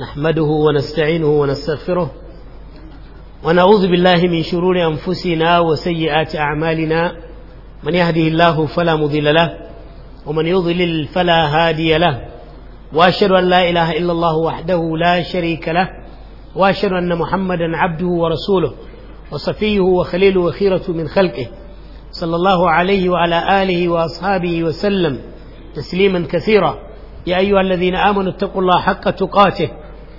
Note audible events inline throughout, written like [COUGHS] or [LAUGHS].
نحمده ونستعينه ونستغفره ونعوذ بالله من شرور أنفسنا وسيئات أعمالنا من يهده الله فلا مضل له ومن يضلل فلا هادي له وأشهد أن لا إله إلا الله وحده لا شريك له وأشهد أن محمدا عبده ورسوله وصفيه وخليله وخيرة من خلقه صلى الله عليه وعلى آله وأصحابه وسلم تسليما كثيرا يا أيها الذين آمنوا اتقوا الله حق تقاته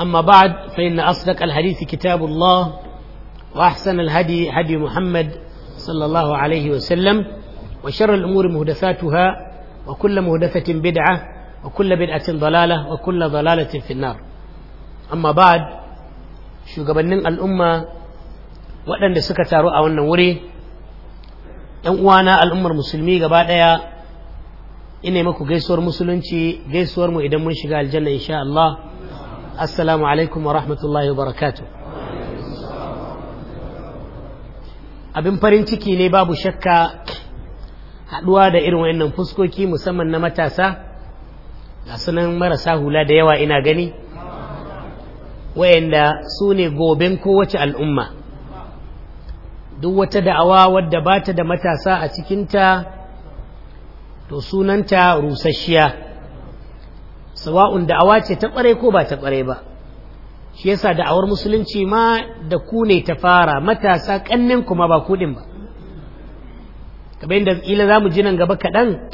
أما بعد فإن أصدق الحديث كتاب الله وأحسن الهدي هدي محمد صلى الله عليه وسلم وشر الأمور مهدثاتها وكل مهدثة بدعة وكل بدعة ضلالة وكل ضلالة في النار أما بعد شو قبلن الأمة وأن سكتارو أو النوري أنا الأمة المسلمية قبل ina maku gaisuwar جيسور gaisuwar mu idan mun الجنة إن شاء الله assalamu alaikum wa rahmatullahi wa abin farin ciki ne babu shakka haɗuwa da irin wayannan fuskoki musamman na matasa ga sunan marasa hula da yawa ina gani wayanda su ne goben kowace al'umma duk wata da'awa wadda ba ta da matasa a cikinta to sunanta rusasshiya sawa'un da'awa ce ta ƙware ko ba ta ƙware ba shi yasa da'awar musulunci ma da ku ne ta fara matasa ƙannin kuma ba kuɗin ba kamar yadda ila za mu ji nan gaba kaɗan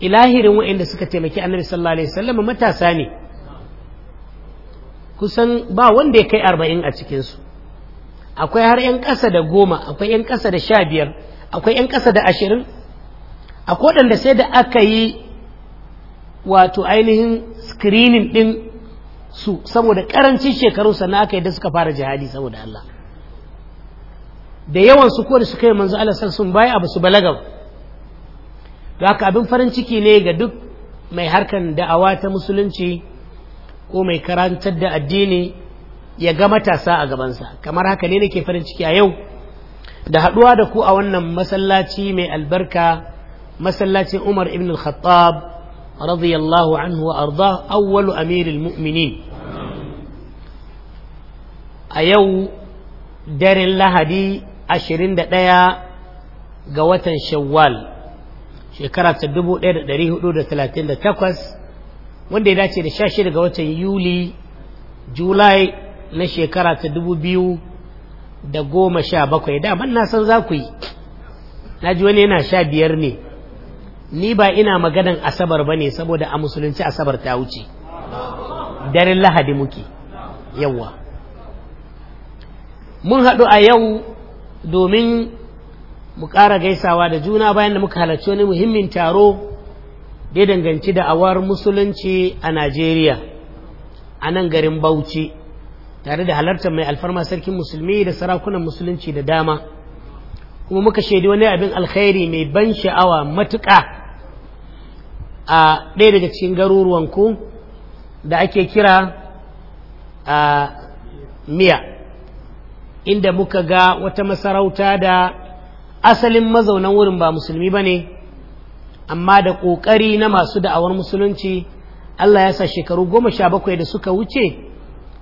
ilahirin waɗanda suka taimaki annabi sallallahu alaihi matasa ne kusan ba wanda ya kai arba'in a cikinsu akwai har 'yan ƙasa da goma akwai 'yan ƙasa da sha biyar akwai 'yan ƙasa da ashirin akwai waɗanda sai da aka yi wato ainihin screening ɗin su saboda karancin shekaru sannan aka yadda suka fara jihadi saboda Allah da yawan su kore su kai manzo Allah san sun baya abu su balaga to haka abin farin ciki ne ga duk mai harkan da'awa ta musulunci ko mai karantar da addini ya ga matasa a gabansa kamar haka ne nake farin ciki a yau da haɗuwa da ku a wannan masallaci mai albarka masallacin umar ibn al-khattab رضي الله عنه وأرضاه أول أمير المؤمنين أيو دار اللهدي أشرين دقيا قوة شوال شكرا تدبو دير دريه دودة ثلاثين دتكوس wanda ya dace da sha shida ga watan yuli julai na shekara ta dubu biyu da goma sha bakwai daman na san za ku yi na ji wani yana sha biyar ne ni ba ina maganan asabar ba ne saboda a musulunci asabar ta wuce daren lahadi muke yawa mun haɗu a yau domin mu ƙara gaisawa da juna bayan da muka halarci wani muhimmin taro da ya danganci da awar musulunci a najeriya a nan garin bauchi tare da halartar mai alfarma sarkin musulmi da sarakunan musulunci da dama kuma muka shaidi wani abin alkhairi mai ban sha'awa matuƙa a ɗaya daga cikin garuruwan ku da ake kira a miya inda muka ga wata masarauta da asalin mazaunan wurin ba musulmi ba ne amma da ƙoƙari na masu da'awar musulunci Allah ya sa shekaru goma sha bakwai da suka wuce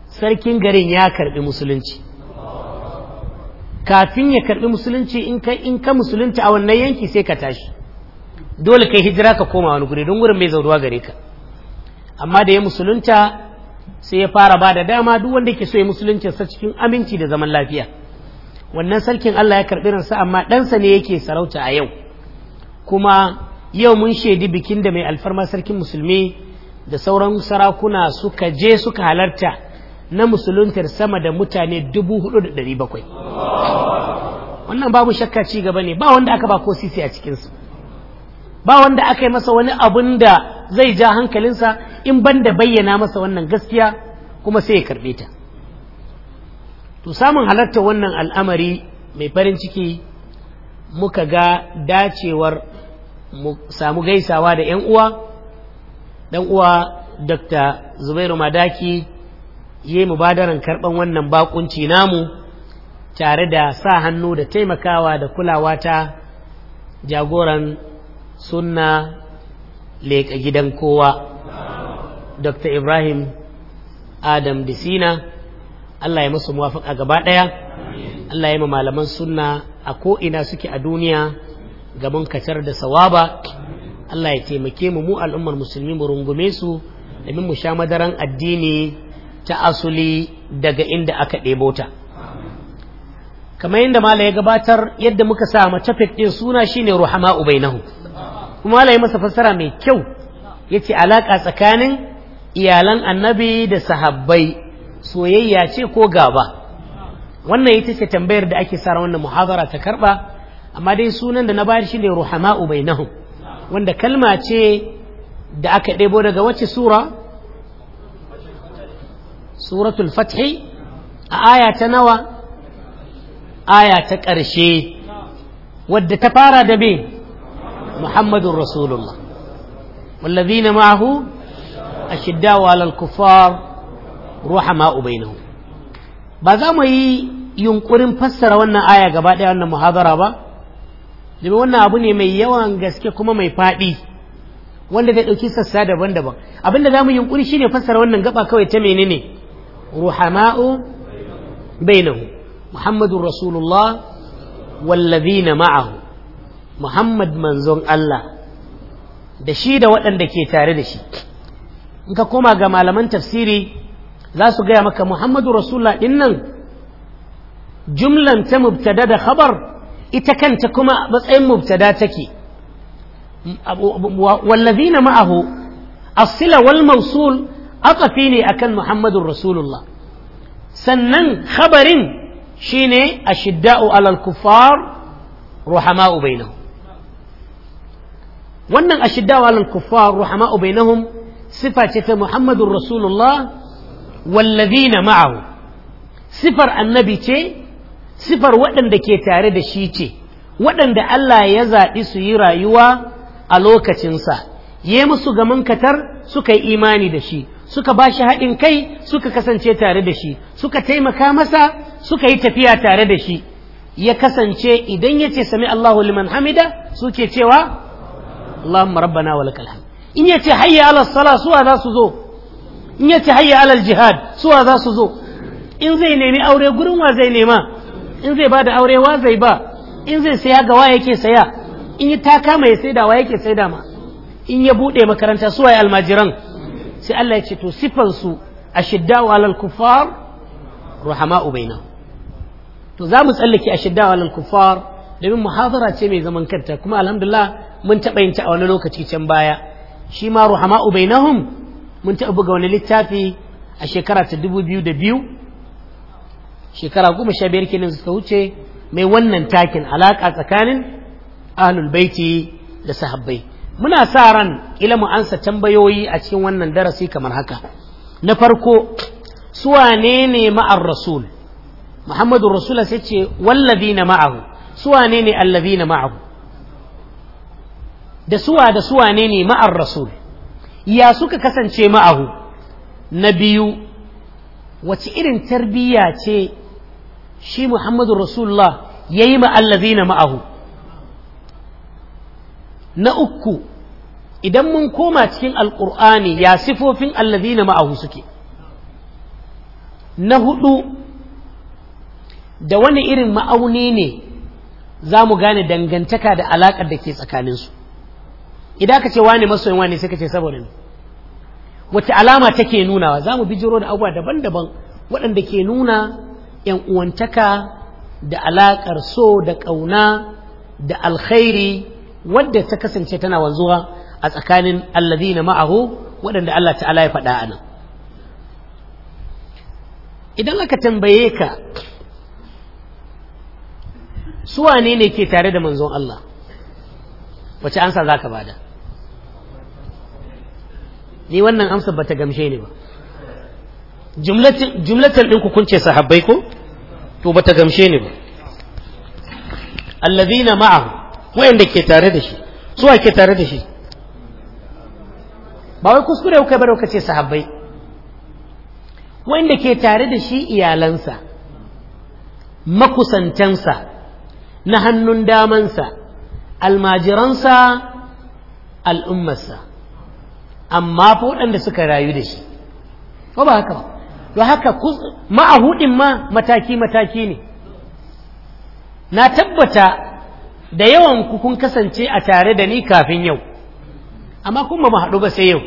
sarkin garin ya karɓi musulunci kafin ya karɓi musulunci in ka musulunta a wannan yanki sai ka tashi dole kai hijira ka koma wani guri don gurin mai zauruwa gare ka amma da ya musulunta sai ya fara ba da dama duk wanda ke so ya musulunci sa cikin aminci da zaman lafiya wannan sarkin Allah ya karɓi ransa amma ɗansa ne yake sarauta a yau kuma yau mun shaidi bikin da mai alfarma sarkin musulmi da sauran sarakuna suka je suka halarta na musuluntar sama da mutane dubu hudu da ɗari bakwai wannan babu shakka ci gaba ne ba wanda aka ba ko sisi a cikinsu ba wanda aka yi masa wani abun da zai ja hankalinsa in ban da bayyana masa wannan gaskiya kuma sai ya karɓe ta to samun halarta wannan al'amari mai farin ciki muka ga dacewar mu samu gaisawa da 'yan uwa ɗan uwa dr zubairu madaki ya yi mubadaran karɓan wannan bakunci namu tare da sa hannu da taimakawa da kulawa ta jagoran sunna leƙa gidan kowa dr ibrahim adam disina allah ya masu muwafaka gaba ɗaya allah ya ma malaman sunna a ko'ina suke a duniya gaban kacar da sawaba allah ya taimake mu mu al'ummar musulmi mu rungume su domin mu sha madaran addini ta asuli daga inda aka ɗebo ta kamar yadda mala ya gabatar yadda muka sa mace tafik ɗin suna shine ruhama ubainahu kuma Allah ya masa fassara mai kyau yace alaka tsakanin iyalan annabi da sahabbai soyayya ce ko gaba wannan ita ce tambayar da ake sara wannan muhazara ta karba amma dai sunan da na bayar shine ruhama'u bainahum wanda kalma ce da aka ɗebo daga wace sura suratul fathi a aya ta nawa aya ta ƙarshe wadda ta fara da bi. محمد رسول الله والذين معه أشداء على الكفار رحماء بينهم بذا yi yunkurin fassara wannan aya gaba ɗaya wannan ba domin abu ne mai yawan gaske kuma mai faɗi wanda zai ɗauki sassa daban-daban abinda za mu yunkuri shine fassara wannan gaba kawai ta menene ruhama'u bainahu muhammadun ma'ahu Muhammad manzon Allah da shi da waɗanda ke tare da shi in ka koma ga malaman tafsiri za su gaya maka Muhammadu Rasulullah ɗin nan jumlan ta mubtada da khabar ita kanta kuma matsayin mubtada take wallazina ma'ahu asila wal mawsul aqafi ne akan Muhammadu Rasulullah sannan khabarin shine ashidda'u alal kuffar ruhama'u bainahum wannan ashiddawa lal kuffar ruhama'u ubainahum sifa ce ta muhammadur rasulullah na ma'ahu sifar annabi ce sifar waɗanda ke tare da shi ce waɗanda Allah ya zaɓi su yi rayuwa a lokacinsa ya musu gaman katar suka yi imani da shi suka ba shi haɗin kai suka kasance tare da shi suka taimaka masa suka yi tafiya tare da shi ya kasance idan ya ce sami Allahu liman hamida suke cewa Allahumma rabbana wa lakal hamd in yace hayya ala sala suwa za su zo in yace hayya ala jihad suwa za su zo in zai nemi aure gurin wa zai nema in zai bada aure wa zai ba in zai saya ga wa yake saya in yi taka mai saida wa yake saida ma in ya bude makaranta suwa ya almajiran sai Allah ya ce to sifan su ashidda'u alal kuffar ruhama'u bainahum to za mu tsallake ashidda'u alal kuffar domin muhazara ce mai zaman kanta kuma alhamdulillah mun taɓa yin ta a wani lokaci can baya shi ma ruhama bainahum mun taɓa buga wani littafi a shekara ta dubu biyu da biyu shekara goma sha biyar kenan suka wuce mai wannan takin alaƙa tsakanin ahlul baiti da sahabbai muna sa ran ila mu ansa tambayoyi a cikin wannan darasi kamar haka na farko su wane ne ma'ar rasul muhammadu rasul sai ce wallazi na ma'ahu suwa ne ne allazina ma'ahu da suwa da suwa ne ne ma'ar rasul ya suka kasance ma'ahu na biyu wace irin tarbiyya ce shi muhammadu rasulullah ya yi ma'allazina ma'ahu na uku idan mun koma cikin alƙur'ani ya sifofin allazina ma'ahu suke na hudu da wani irin ma'auni ne za mu gane dangantaka da alaƙar da ke tsakaninsu idan ka ce wane masoyin wane sai ka ce saboda ne wata alama take nunawa za mu jiro da abubuwa daban-daban waɗanda ke nuna ‘yan uwantaka da alaƙar so da ƙauna da alkhairi wadda ta kasance tana wanzuwa a tsakanin allazi na ma'ahu waɗanda Allah ta'ala ya faɗa a nan idan aka tambaye ka su wane ne ke tare da manzon Allah wace ansa za ka bada ni wannan amsa ba ta gamshe ni ba jumlatar ɗin kun ce sahabbai ko to ba ta gamshe ni ba allazina ma'ahu wayanda ke tare da shi su ke tare da shi ba wai kuskure kai ba ka ce sahabbai wayanda ke tare da shi iyalansa makusantansa na hannun damansa almajiransa al'ummarsa amma fa waɗanda suka rayu da shi ko ba haka ba haka ma'ahudin ma mataki-mataki ne na tabbata da yawan ku kun kasance a tare da ni kafin yau amma kuma ma haɗu ba sai yau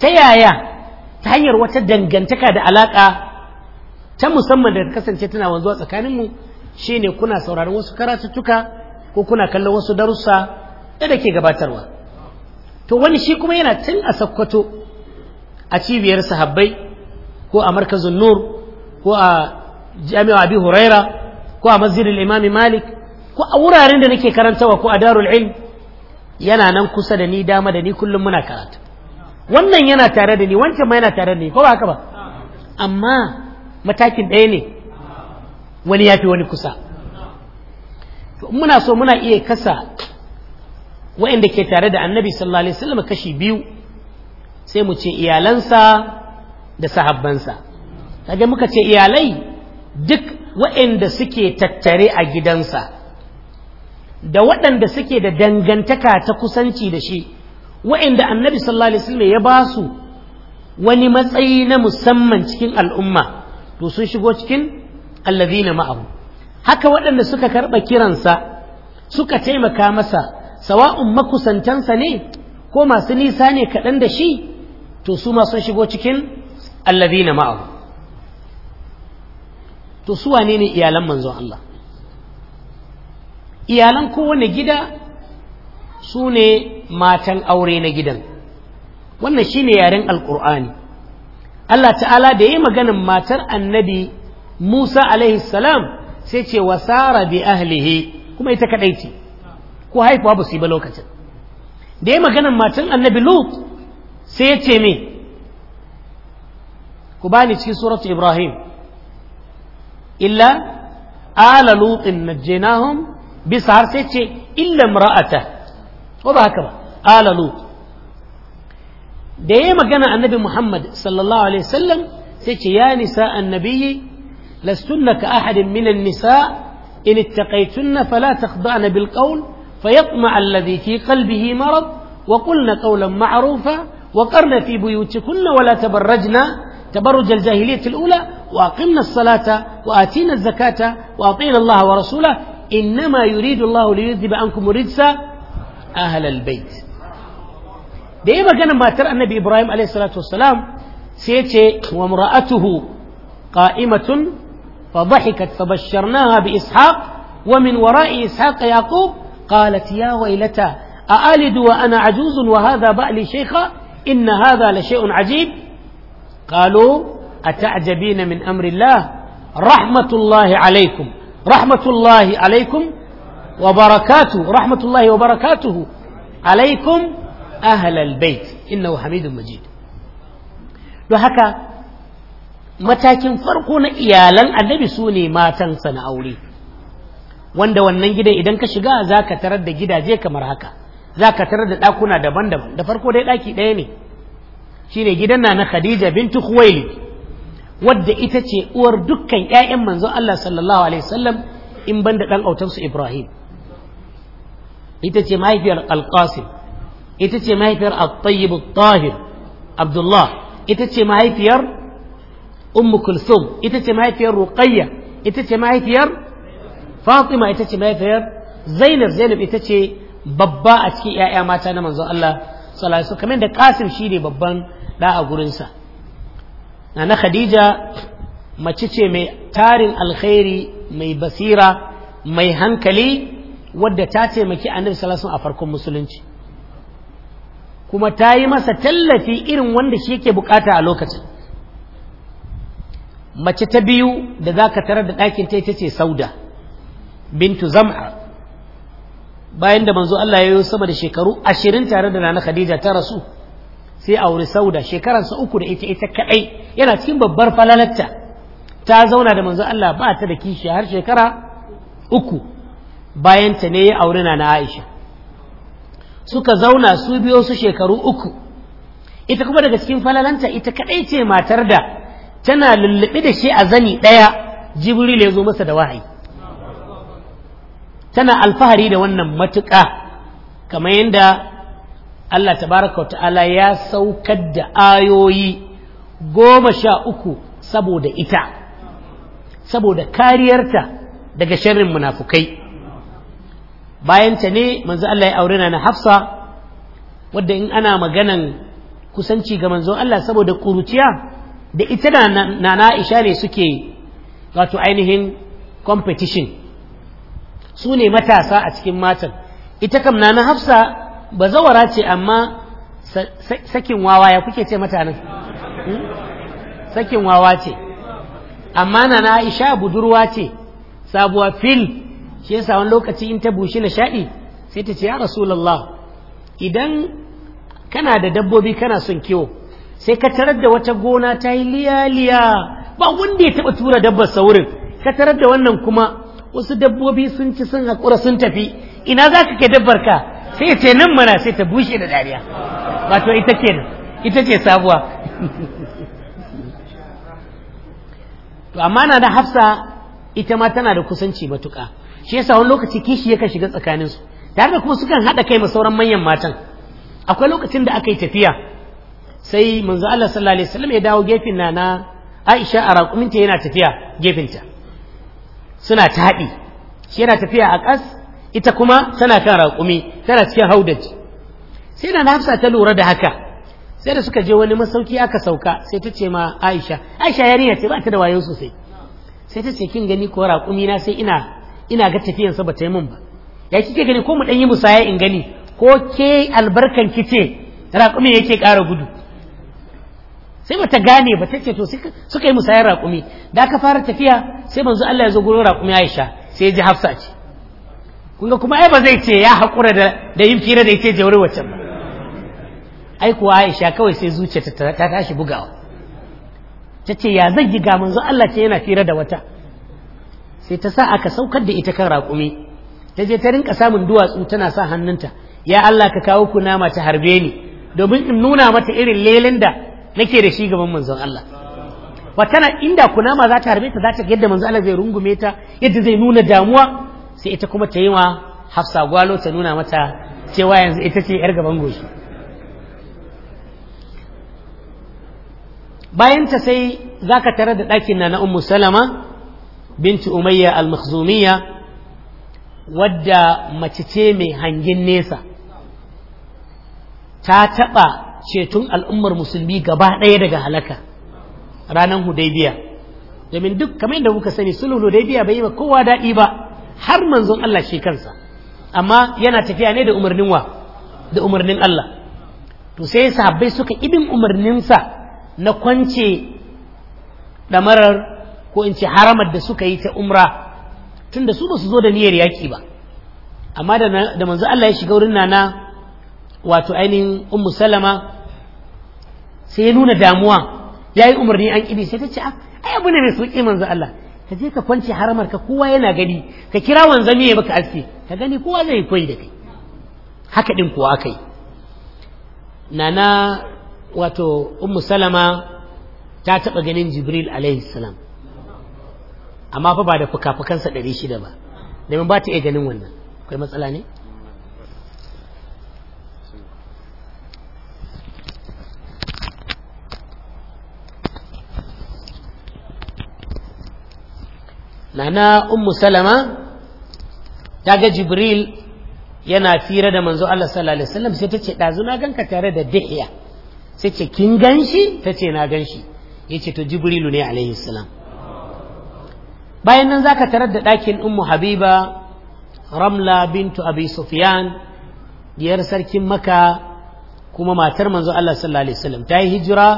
ta yaya ta hanyar wata dangantaka da alaƙa ta musamman da kasance tana wanzuwa tsakaninmu Shi ne kuna sauraron wasu karatuttuka ko kuna kallon wasu darussa da ke gabatarwa to wani shi kuma yana tun a sakkwato a cibiyar sahabbai ko a markazin nur ko a jami'a abi huraira ko a masjidin imami malik ko a wuraren da nake karantawa ko a darul ilm yana nan kusa da ni dama da ni kullum muna karatu wannan yana tare da ni wancan ma yana tare da ni ko haka ba amma matakin ɗaya ne wani ya fi wani kusa muna so muna iya kasa wa'inda ke tare da annabi sallallahu alaihi wasallam kashi biyu sai mu ce iyalansa da sahabbansa kaga muka ce iyalai duk wa'inda suke tattare a gidansa da waɗanda suke da dangantaka ta kusanci da shi wa'inda annabi sallallahu alaihi wasallam ya ba su wani matsayi na musamman cikin al'umma to sun shigo cikin allazina ma'ahu haka waɗanda suka karɓa kiransa suka taimaka masa sawa'un makusantansa ne ko masu nisa ne kaɗan da shi to su ma sun shigo cikin allazina ma'ahu to su wane ne iyalan manzon Allah iyalan kowane gida su ne matan aure na gidan wannan shine yaren alkur'ani Allah ta'ala da ya yi maganin matar annabi Musa alaihi salam sai ce wa Sara bi ahlihi kuma ita kadai ce ko haifuwa ba su yi ba lokacin da ya maganan matan annabi lut sai ya ce me ku bani cikin suratu ibrahim illa ala lutin najjaynahum bisa har sai ce illa imra'ata ko ba haka ba ala lut da ya magana annabi muhammad sallallahu alaihi wasallam sai ce ya nisa annabiyyi لستن كأحد من النساء إن اتقيتن فلا تخضعن بالقول فيطمع الذي في قلبه مرض وقلن قولا معروفا وقرن في بيوتكن ولا تبرجن تبرج الجاهلية الأولى وأقمنا الصلاة وآتينا الزكاة وأطينا الله ورسوله إنما يريد الله ليذهب عنكم الرجس أهل البيت دائما كان ما ترى النبي إبراهيم عليه الصلاة والسلام سيتي وامرأته قائمة فضحكت فبشرناها بإسحاق ومن وراء إسحاق يعقوب قالت يا ويلتى أألد وأنا عجوز وهذا بألي شيخا إن هذا لشيء عجيب قالوا أتعجبين من أمر الله رحمة الله عليكم رحمة الله عليكم وبركاته رحمة الله وبركاته عليكم أهل البيت إنه حميد مجيد لهكا matakin farko na iyalan annabi su ne matansa na aure wanda wannan gidan idan ka shiga za ka tarar da gidaje kamar haka za ka tarar da ɗakuna daban-daban da farko dai ɗaki ɗaya ne shine gidan na na khadija bintu khuwailid wadda ita ce uwar dukkan ƴaƴan manzon Allah sallallahu alaihi wasallam in banda ɗan autansu Ibrahim ita ce mahaifiyar al ita ce mahaifiyar at tahir Abdullah ita ce mahaifiyar ummu kulsum ita ce mahaifiyar ruqayya ita ce mahaifiyar fatima ita ce mahaifiyar zainab zainab ita ce babba a cikin 'ya'ya mata na manzon Allah sallallahu kamin kamar da qasim shine babban da a gurinsa nana khadija mace ce mai tarin alkhairi mai basira mai hankali wadda ta taimaki a sallallahu alaihi a farkon musulunci kuma ta yi masa tallafi irin wanda shi yake bukata a lokacin mace ta biyu da za ka tarar da ɗakin ta ita ce sauda bintu zam'a bayan da manzo Allah ya yi sama da shekaru ashirin tare da nana khadija ta rasu sai auri sauda shekaransa uku da ita ita kaɗai yana cikin babbar falalarta ta zauna da manzo Allah ba ta da kishi har shekara uku bayan ta ne ya auri na Aisha suka zauna su biyo su shekaru uku ita kuma daga cikin falalanta ita kaɗai ce matar da tana lullube da shi a zani ɗaya jibril ya zo masa da wahayi tana alfahari da wannan matuƙa kamar yadda Allah tabaraka ta'ala ya saukar da ayoyi goma sha uku saboda ita saboda kariyarta daga sharrin munafukai bayanta ne manzo Allah ya aure na Hafsa wadda in ana maganan kusanci ga manzo Allah saboda kuruciya da ita na na Aisha ne suke wato ainihin competition su ne matasa a cikin matan ita kam na na Hafsa bazawara ce amma sakin wawa ya kuke ce mata hmm? sakin wawa ce amma na na Aisha budurwa ce sabuwa fil shi yasa wani lokaci in ta bushi nishaɗi sai ta ce ya rasulallah idan kana da dabbobi kana son kiwo sai ka tarar da wata gona ta yi liya-liya ba wanda ya taɓa tura dabbar saurin ka tarar da wannan kuma wasu dabbobi sun ci sun haƙura sun tafi ina za ka ke dabbar ka sai ce nan mana sai ta bushe da dariya wato ita ke ita ce sabuwa [LAUGHS] to amma na da hafsa ita ma tana da kusanci matuƙa shi yasa wani lokaci kishi yakan shiga tsakaninsu tare da kuma sukan haɗa kai ma sauran manyan matan akwai lokacin da aka yi tafiya sai manzo Allah sallallahu alaihi wasallam ya dawo gefin nana Aisha a raƙuminta yana tafiya gefinta suna taɗi shi yana tafiya a ƙas ita kuma tana kan raƙumi tana cikin haudaji sai na Hafsa ta lura da haka sai da suka je wani masauki aka sauka sai ta ce ma Aisha Aisha yarinya ce ba ta da wayo sosai sai ta ce kin gani ko raƙumi na sai ina ina ga tafiyan sa bata yi min ba ya kike gani ko mu dan yi musaya in gani ko ke albarkan kice raƙumi yake ƙara gudu sai bata gane ba ta ce to suka yi musayar raƙumi da aka fara tafiya sai manzo Allah ya zo gurin raƙumi Aisha sai ya ji Hafsa ce kunga kuma ai ba zai ce ya haƙura da da yin fira da ita jaure wacce ba ai kuwa Aisha kawai sai zuciyarta ta tashi bugawa tace ya zan yi ga manzo Allah ce yana fira da wata sai ta sa aka saukar da ita kan raƙumi ta je ta rinka samun duwatsu tana sa hannunta ya Allah ka kawo kunama ta harbe ni domin in nuna mata irin lelen da nake da shi gaban manzon Allah wa tana inda kunama za ta harbe ta za ta yadda manzon Allah zai rungume ta yadda zai nuna damuwa sai ita kuma ta yi wa Hafsa gwalo ta nuna mata cewa yanzu ita ce yar gaban goshi bayan ta sai zaka tare da ɗakin na na Ummu Salama binti Umayya al-Makhzumiyya wadda mace ce mai hangin nesa ta taɓa Cetun al'ummar musulmi gaba ɗaya daga halaka ranar hudaibiya domin duk kamar yadda kuka sani sulhu hudaibiya bai yi wa kowa daɗi ba har manzon Allah shi kansa amma yana tafiya ne da umarnin wa da umarnin Allah to sai sahabbai suka ibin umarninsa na kwance ɗamarar ko in ce haramar da suka yi ta umra tun da su ba su zo da niyyar yaƙi ba amma da manzo Allah ya shiga wurin nana wato ainihin ummu salama sai ya nuna damuwa ya yi umarni an ƙi sai ta ce ah, ai abu ne mai sauƙi manzo Allah ka je ka kwance haramar ka kowa yana gani ka kira wanzami ya baka aske ka gani kowa zai koyi da kai haka din kuwa akai nana wato ummu salama ta taɓa ganin jibril alaihi salam amma fa ba da fuka-fukansa ɗari shida ba domin ba ta iya ganin wannan akwai matsala ne nana ummu salama ta ga jibril yana fira da manzo Allah sallallahu alaihi wasallam sai ta ce dazu na ganka tare da dihiya sai ce kin ganshi ta ce na ganshi yace to jibrilu ne alaihi salam bayan nan zaka tarar da ɗakin ummu habiba ramla bintu abi sufyan diyar sarkin maka kuma matar manzo Allah sallallahu alaihi wasallam ta yi hijira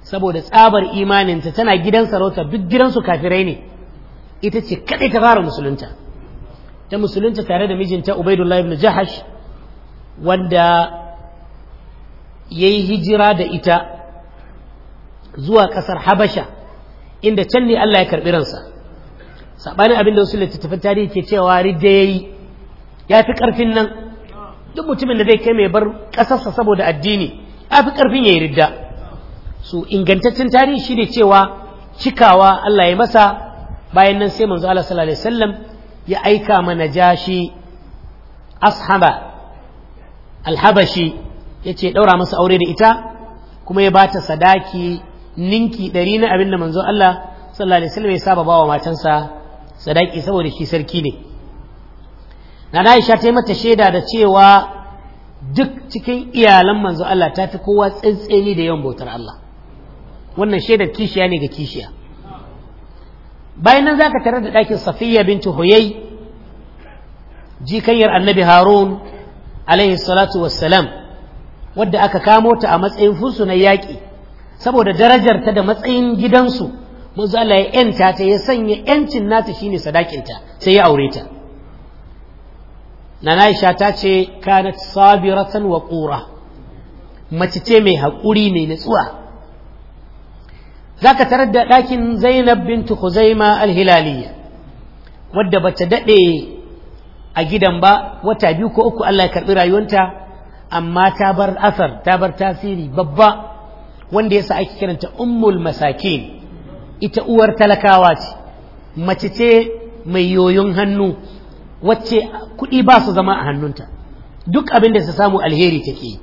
saboda tsabar imaninta tana gidan sarauta duk gidansu kafirai ne ita ce kadai ta fara musulunta ta musulunta tare da mijinta ubaidullah ibn jahash wanda ya yi hijira da ita zuwa kasar habasha inda can ne allah ya karɓi ransa saɓanin abin da wasu littattafan tarihi ke cewa ridda ya yi ya fi ƙarfin nan duk mutumin da zai kai mai bar ƙasarsa saboda addini ya fi ƙarfin ya yi ridda su ingantaccen tarihi shi ne cewa cikawa allah ya masa bayan nan sai manzo Allah sallallahu alaihi wasallam ya aika mana jashi ashaba alhabashi yace daura masa aure da ita kuma ya bata sadaki ninki ɗari na abin da manzo Allah sallallahu alaihi wasallam ya saba ba wa matansa sadaki saboda shi sarki ne na Aisha ta yi mata shaida da cewa duk cikin iyalan manzo Allah ta fi kowa tsantseni da yawan bautar Allah wannan shaidar kishiya ne ga kishiya bayan nan ka tare da ɗakin safiya binti huyai jikanyar annabi harun alaihi salatu wassalam wadda aka kamo ta a matsayin fursu na yaƙi saboda darajarta da matsayin gidansu manzo Allah ya yanta ta ya sanya yancin nata shine sadakinta sai ya aure ta nana Aisha ta ce kanat sabiratan wa qura mace ce mai haƙuri mai natsuwa za ka tarar da ɗakin zainab bintu huzaima alhilaliya wadda ba ta daɗe a gidan ba wata biyu ko uku allah ya karɓi rayuwanta amma ta bar asar ta bar tasiri babba wanda yasa ake kiranta ummul masakin ita uwar talakawa ce mace ce mai yoyon hannu wacce kuɗi ba su zama a hannunta duk abin da su samu alheri take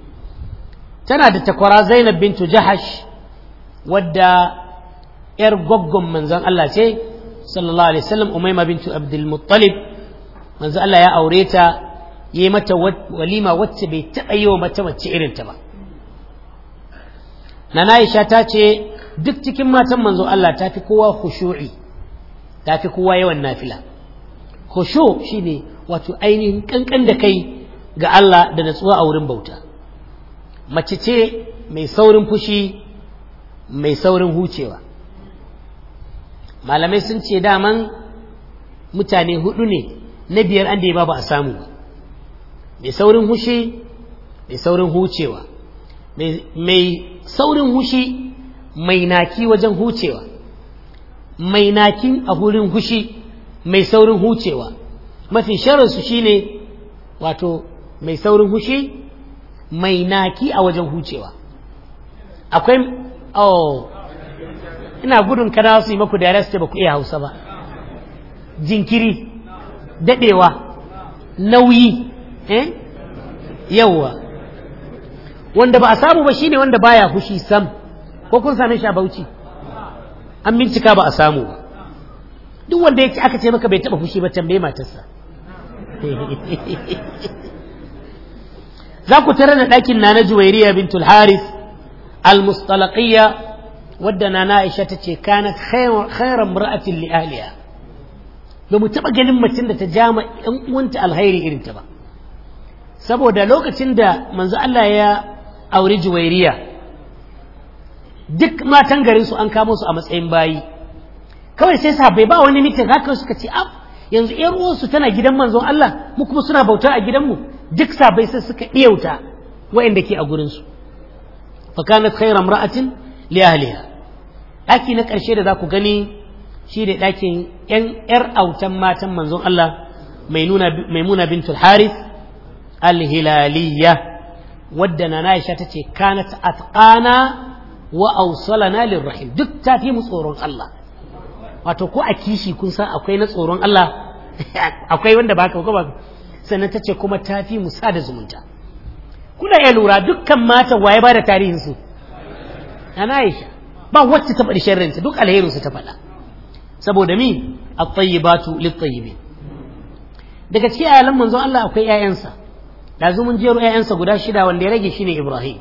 tana da takwara zainab bintu jahash wadda yar gwaggon manzon Allah ce sallallahu alaihi wasallam umaima bintu abdul muttalib Allah ya aure ta yi mata walima wacce bai taɓa yi wa mata mace irin ta ba nana Aisha ta ce duk cikin matan manzon Allah ta fi kowa khushu'i ta fi kowa yawan nafila shi shine wato ainihin ƙanƙan da kai ga Allah da natsuwa a wurin bauta mace ce mai saurin fushi mai saurin hucewa malamai sun ce daman mutane hudu ne na biyar an da ya ba a samu mai saurin hushi mai saurin hucewa mai saurin hushi mai naki wajen hucewa mai nakin a hurin hushi mai saurin hucewa mafi sharansu shine wato mai saurin hushi mai naki a wajen hucewa akwai oh ina gudun kana su yi maku da yarasta ba ku iya hausa ba jinkiri dadewa nauyi eh wanda ba a samu ba shine wanda baya fushi sam ko kun sami shi a bauchi an bincika ba a samu ba duk wanda yake aka ce maka bai taba fushi ba tambaye matarsa [LAUGHS] za ku tare da ɗakin na na juwairiya bintul haris al-mustalaqiyya wadda na aisha ta ce kanat khairan mura'atin li ba mu taɓa ganin macin da ta ja 'yan uwanta alhairi irin ta ba saboda lokacin da manzo Allah ya auri juwairiya duk matan garin su an kamo su a matsayin bayi kawai sai sahabbai ba wani mitin haka suka ce ab yanzu 'yar uwansu tana gidan manzo. Allah mu kuma suna bauta a gidanmu duk sabai sai suka iyauta wa'inda ke a gurin su fa kanat khairam ra'atin li ahliha ɗaki na ƙarshe da za ku gani shi ne ɗakin ‘yan ‘yar autan matan manzon Allah maimuna bintul haris alhilaliya wadda na Aisha ta ce kana ta atkana wa na lirrahim duk ta fi mu tsoron Allah wato ko a kishi kun san akwai na tsoron Allah [LAUGHS] akwai wanda ba ka ba sannan ta ce kuma ta fi mu sa da zumunta kuna iya lura dukkan mata waye ba da tarihinsu na Aisha ba wacce ta faɗi sharrinta duk alherinsu ta faɗa saboda mi at-tayyibatu lit daga cikin ayalan manzo Allah akwai ƴaƴansa dazu mun jero ƴaƴansa guda shida wanda ya rage shine Ibrahim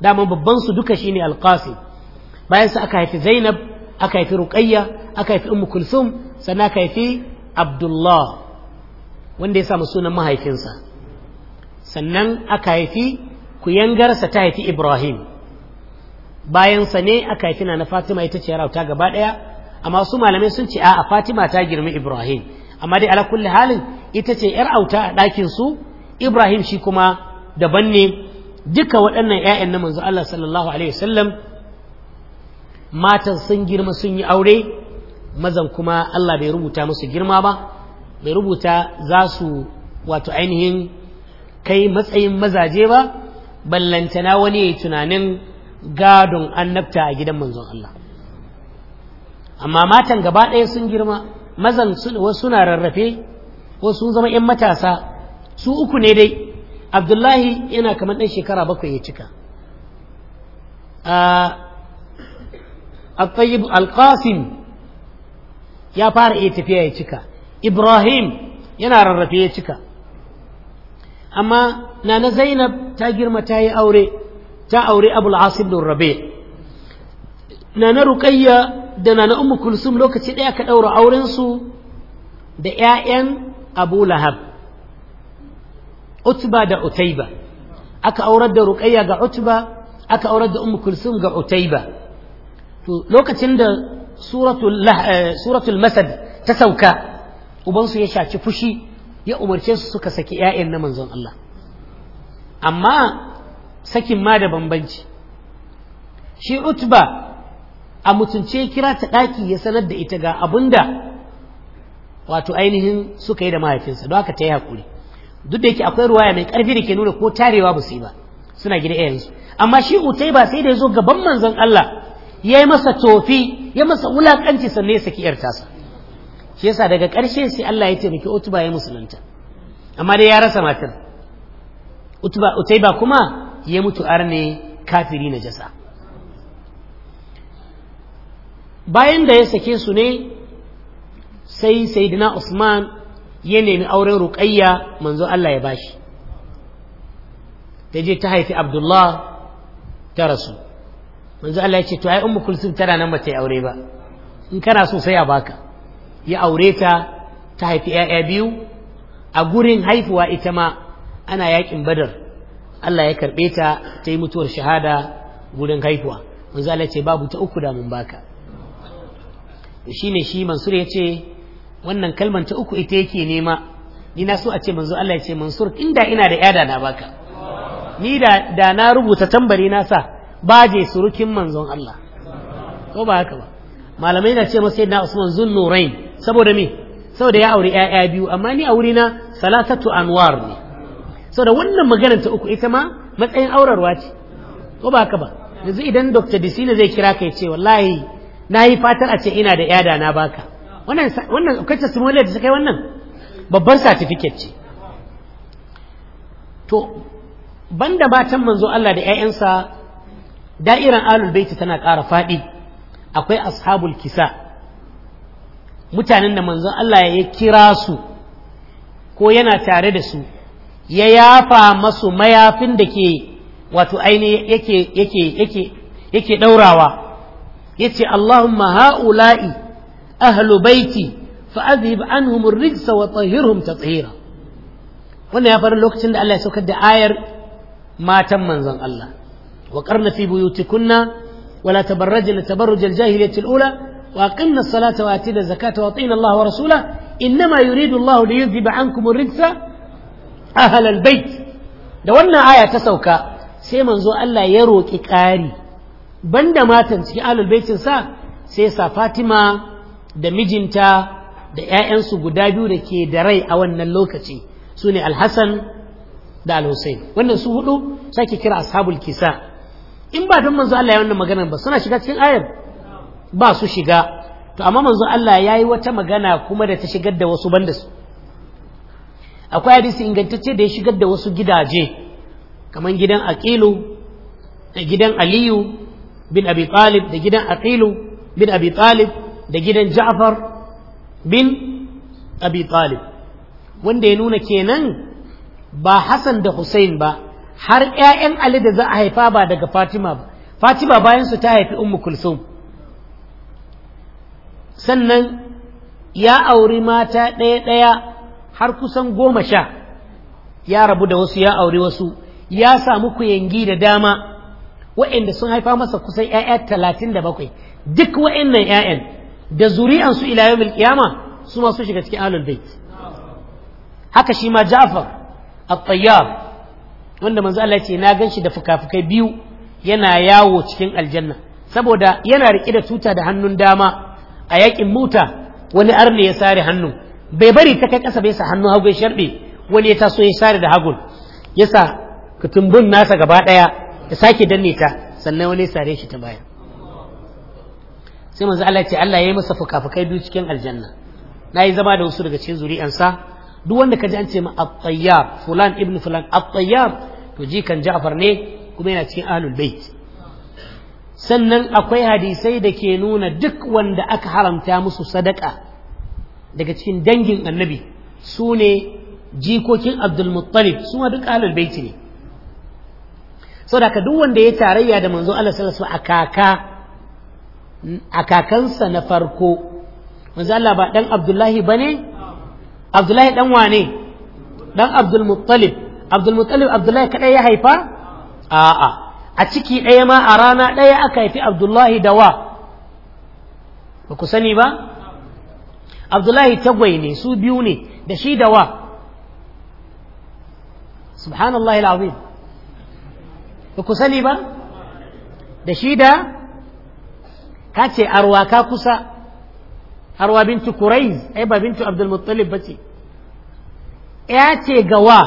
dama babban su duka shine Al-Qasim bayan sa aka haifi Zainab aka haifi Ruqayya aka haifi Ummu Kulsum sannan aka haifi Abdullah wanda ya samu sunan mahaifinsa sannan aka haifi kuyangarsa ta haifi Ibrahim bayansa ne aka haifi na Fatima ita ce rauta gaba ɗaya amma su malamai sun ce a Fatima ta girmi Ibrahim amma dai ala halin ita ce yar auta a ɗakin su Ibrahim shi kuma daban ne duka waɗannan 'ya'yan na manzo Allah sallallahu alaihi wasallam matan sun girma sun yi aure mazan kuma Allah bai rubuta musu girma ba bai rubuta za su wato ainihin kai matsayin mazaje ba ballantana wani ya yi tunanin gadon annabta a gidan manzon Allah amma matan gaba ɗaya sun girma mazan wasu suna rarrafe wasu sun zama 'yan matasa su uku ne dai abdullahi yana kamar ɗan shekara bakwai ya cika alƙasim ya fara iya tafiya ya cika ibrahim yana rarrafe ya cika amma na na zainab ta girma ta yi aure ta aure abul asim da rabe nana Rukayya da nana ummu kulsum lokaci ɗaya ka ɗaura aurensu da 'ya'yan abu lahab utba da utaiba aka aurar da Rukayya ga utba aka aurar da ummu kulsum ga utaiba lokacin da eh, suratul masad ta sauka ubansu ya shaci fushi ya umarce su suka saki 'ya'yan na manzon Allah amma sakin ma da bambanci shi utba a mutunce kira ta ɗaki ya sanar da ita ga da wato ainihin suka yi da mahaifinsa don haka ta yi haƙuri duk da yake akwai ruwaya mai ƙarfi da ke nuna ko tarewa ba su yi ba suna gida yayansu amma shi utai ba sai da ya zo gaban manzon Allah ya yi masa tofi ya masa wulaƙanci sannan ya saki yar tasa shi yasa daga ƙarshe sai Allah ya taimaki utuba ya musulunta amma dai ya rasa matar utai utaiba kuma ya mutu arne kafiri na jasa bayan da ya sake su ne sai saidina usman ya nemi auren ruƙayya manzo Allah ya bashi ta je ta haifi abdullah ta rasu manzo Allah ya ce to ai ummu kulsum tana nan mace aure ba in kana so sai a baka ya aure ta ta haifi 'ya'ya biyu a gurin haifuwa ita ma ana yakin badar Allah ya karɓe ta ta yi mutuwar shahada gurin haihuwa manzo Allah ce babu ta uku da mun baka ne shi Mansur ya ce wannan kalman ta uku ita yake nema ni na so a ce manzo Allah ya ce Mansur inda ina da yada na baka ni da na rubuta tambari na sa baje surukin manzon Allah ko ba haka ba malamai na ce masa na Usman Zunnurain saboda me saboda ya aure 'ya'ya biyu amma ni a wuri na salatatu anwar ne Sau da wannan maganar ta uku ita ma matsayin aurarwa ce ko ba haka ba yanzu idan dr disina zai kira ka ya ce wallahi na yi fatar a ce ina da yada na baka wannan wannan kacce simolar da suka yi wannan Babbar satifiket ce to banda matan manzo Allah da 'ya'yansa da'iran alul baiti tana ƙara faɗi akwai ashabul kisa mutanen da manzo Allah ya kira su ko yana tare da su ya yafa masu mayafin da ke wato aini yake yake yake yake daurawa yace Allahumma haula'i ahlu baiti fa azhib anhum ar-rijsa wa tahhirhum tatheera wannan ya faru lokacin da Allah ya saukar da ayar matan manzon Allah wa qarna fi buyutikunna wa wa la tabarrajna tabarruj al-jahiliyyah al-ula as ولا تبرجن تبرج الجاهلية الأولى وأقمنا الصلاة وآتينا الزكاة وأطينا الله yuridu إنما li yudhiba 'ankum ar-rijsa ahlal bait da wannan aya ta sauka sai manzo Allah ya roƙi ƙari banda matan cikin ahlal baitin sa sai sa Fatima da mijinta da ƴaƴansu guda biyu da ke da rai a wannan lokaci su ne alhassan da alhussein wannan su hudu sake kira ashabul kisa in ba don manzo Allah ya wannan maganar ba suna shiga cikin ayar ba su shiga to amma manzo Allah ya yi wata magana kuma da ta shigar da wasu banda su akwai hadisi ingantacce da ya shigar da wasu gidaje kamar gidan aqilu da gidan aliyu bin abi talib da gidan aqilu bin abi talib da gidan ja'far bin abi talib wanda ya nuna kenan ba hassan da hussein ba har 'ya'yan ali da za a haifa ba daga fatima ba fatima bayan su ta haifi ummu kulsum sannan ya auri mata ɗaya ɗaya har kusan goma sha ya rabu da wasu ya aure wasu ya samu kuyangi da dama wa'inda sun haifa masa kusan 'ya'ya talatin da bakwai duk wa'innan 'ya'yan da zuri'ansu ila yawmil su masu shiga cikin alul bait haka shi ma Ja'far a wanda manzo Allah ce na ganshi da fuka-fukai biyu yana yawo cikin aljanna saboda yana rike da tuta da hannun dama a yaƙin muta wani arne ya sare hannun bai bari ta kai kasa bai sa hannu hagu ya sharbe wani ya taso ya sare da hagun ya sa kutumbun nasa gaba ɗaya ya sake danne ta sannan wani ya sare shi ta baya sai manzo Allah ce Allah ya yi masa fukafukai biyu cikin aljanna na yi zama da wasu daga cikin zuri'ansa duk wanda ka ji an ce ma at fulan ibn fulan at-tayyab to kan Ja'far ne kuma yana cikin ahlul bait sannan akwai hadisai da ke nuna duk wanda aka haramta musu sadaka daga cikin dangin annabi su ne jikokin abdulmuttalib su ma duk ahlul baiti ne da ka duk wanda ya tarayya da manzo Allah sallallahu alaihi wasallam a kaka a kakansa na farko manzo Allah ba dan Abdullahi bane Abdullahi dan wane dan Abdulmuttalib Abdulmuttalib Abdullahi kadai ya haifa a'a a ciki ɗaya ma a rana ɗaya aka haifi Abdullahi da wa ba ku sani ba abdullahi tagwai ne su biyu ne da shi da wa subhanallahi alazim Da ku sani ba da shi da ka ce arwa ka kusa arwa bintu kurai ai ba bintu abdulmuttalib ba ce ya ce ga wa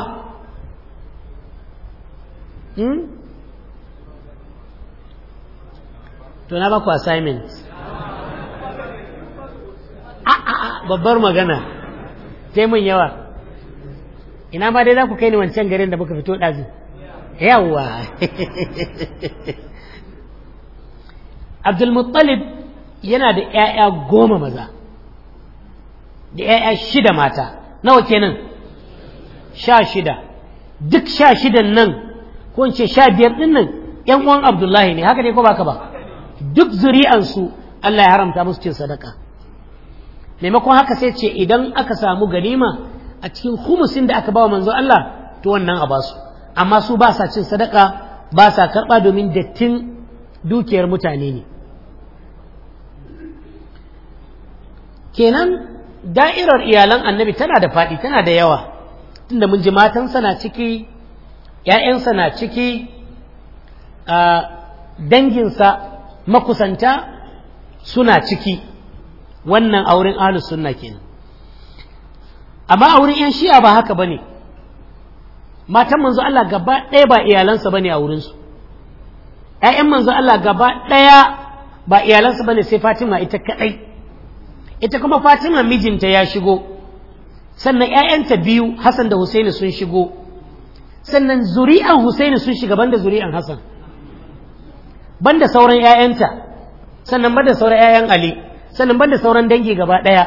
hmm? to ba ku assignment a'a babbar magana mun yawa ina ma dai za ku kai ni wancan garin da muka fito ɗazu yawa [LAUGHS] abdulmuttalib yana da 'ya'ya goma maza da 'ya'ya shida mata nawa kenan sha shida duk sha shidan nan ko in ce sha biyar ɗin nan 'yan uwan abdullahi ne haka ne ko baka ba duk zuri'ansu Allah ya haramta musu cin sadaka maimakon haka sai ce idan aka samu ganima a cikin humusin da aka bawa manzo Allah to wannan a basu amma su ba sa cin sadaka ba sa karɓa domin dattin dukiyar mutane ne kenan da'irar iyalan annabi tana da faɗi tana da yawa tunda mun ji matansa na ciki ‘ya'yansa na ciki danginsa makusanta suna ciki wannan auren ahlus sunna kenan amma auren yan shi'a ba haka bane matan manzo Allah gaba ɗaya ba iyalansa bane a wurin su ‘ya'yan manzo Allah gaba ɗaya ba iyalansa bane sai Fatima ita kaɗai ita kuma Fatima mijinta ya shigo sannan ‘ya'yanta biyu Hassan da Husaini sun shigo sannan zuri'an Husaini sun shiga banda zuri'an Hassan banda sauran ƴaƴanta sannan banda sauran ‘ya'yan Ali sannan banda sauran dangi gaba ɗaya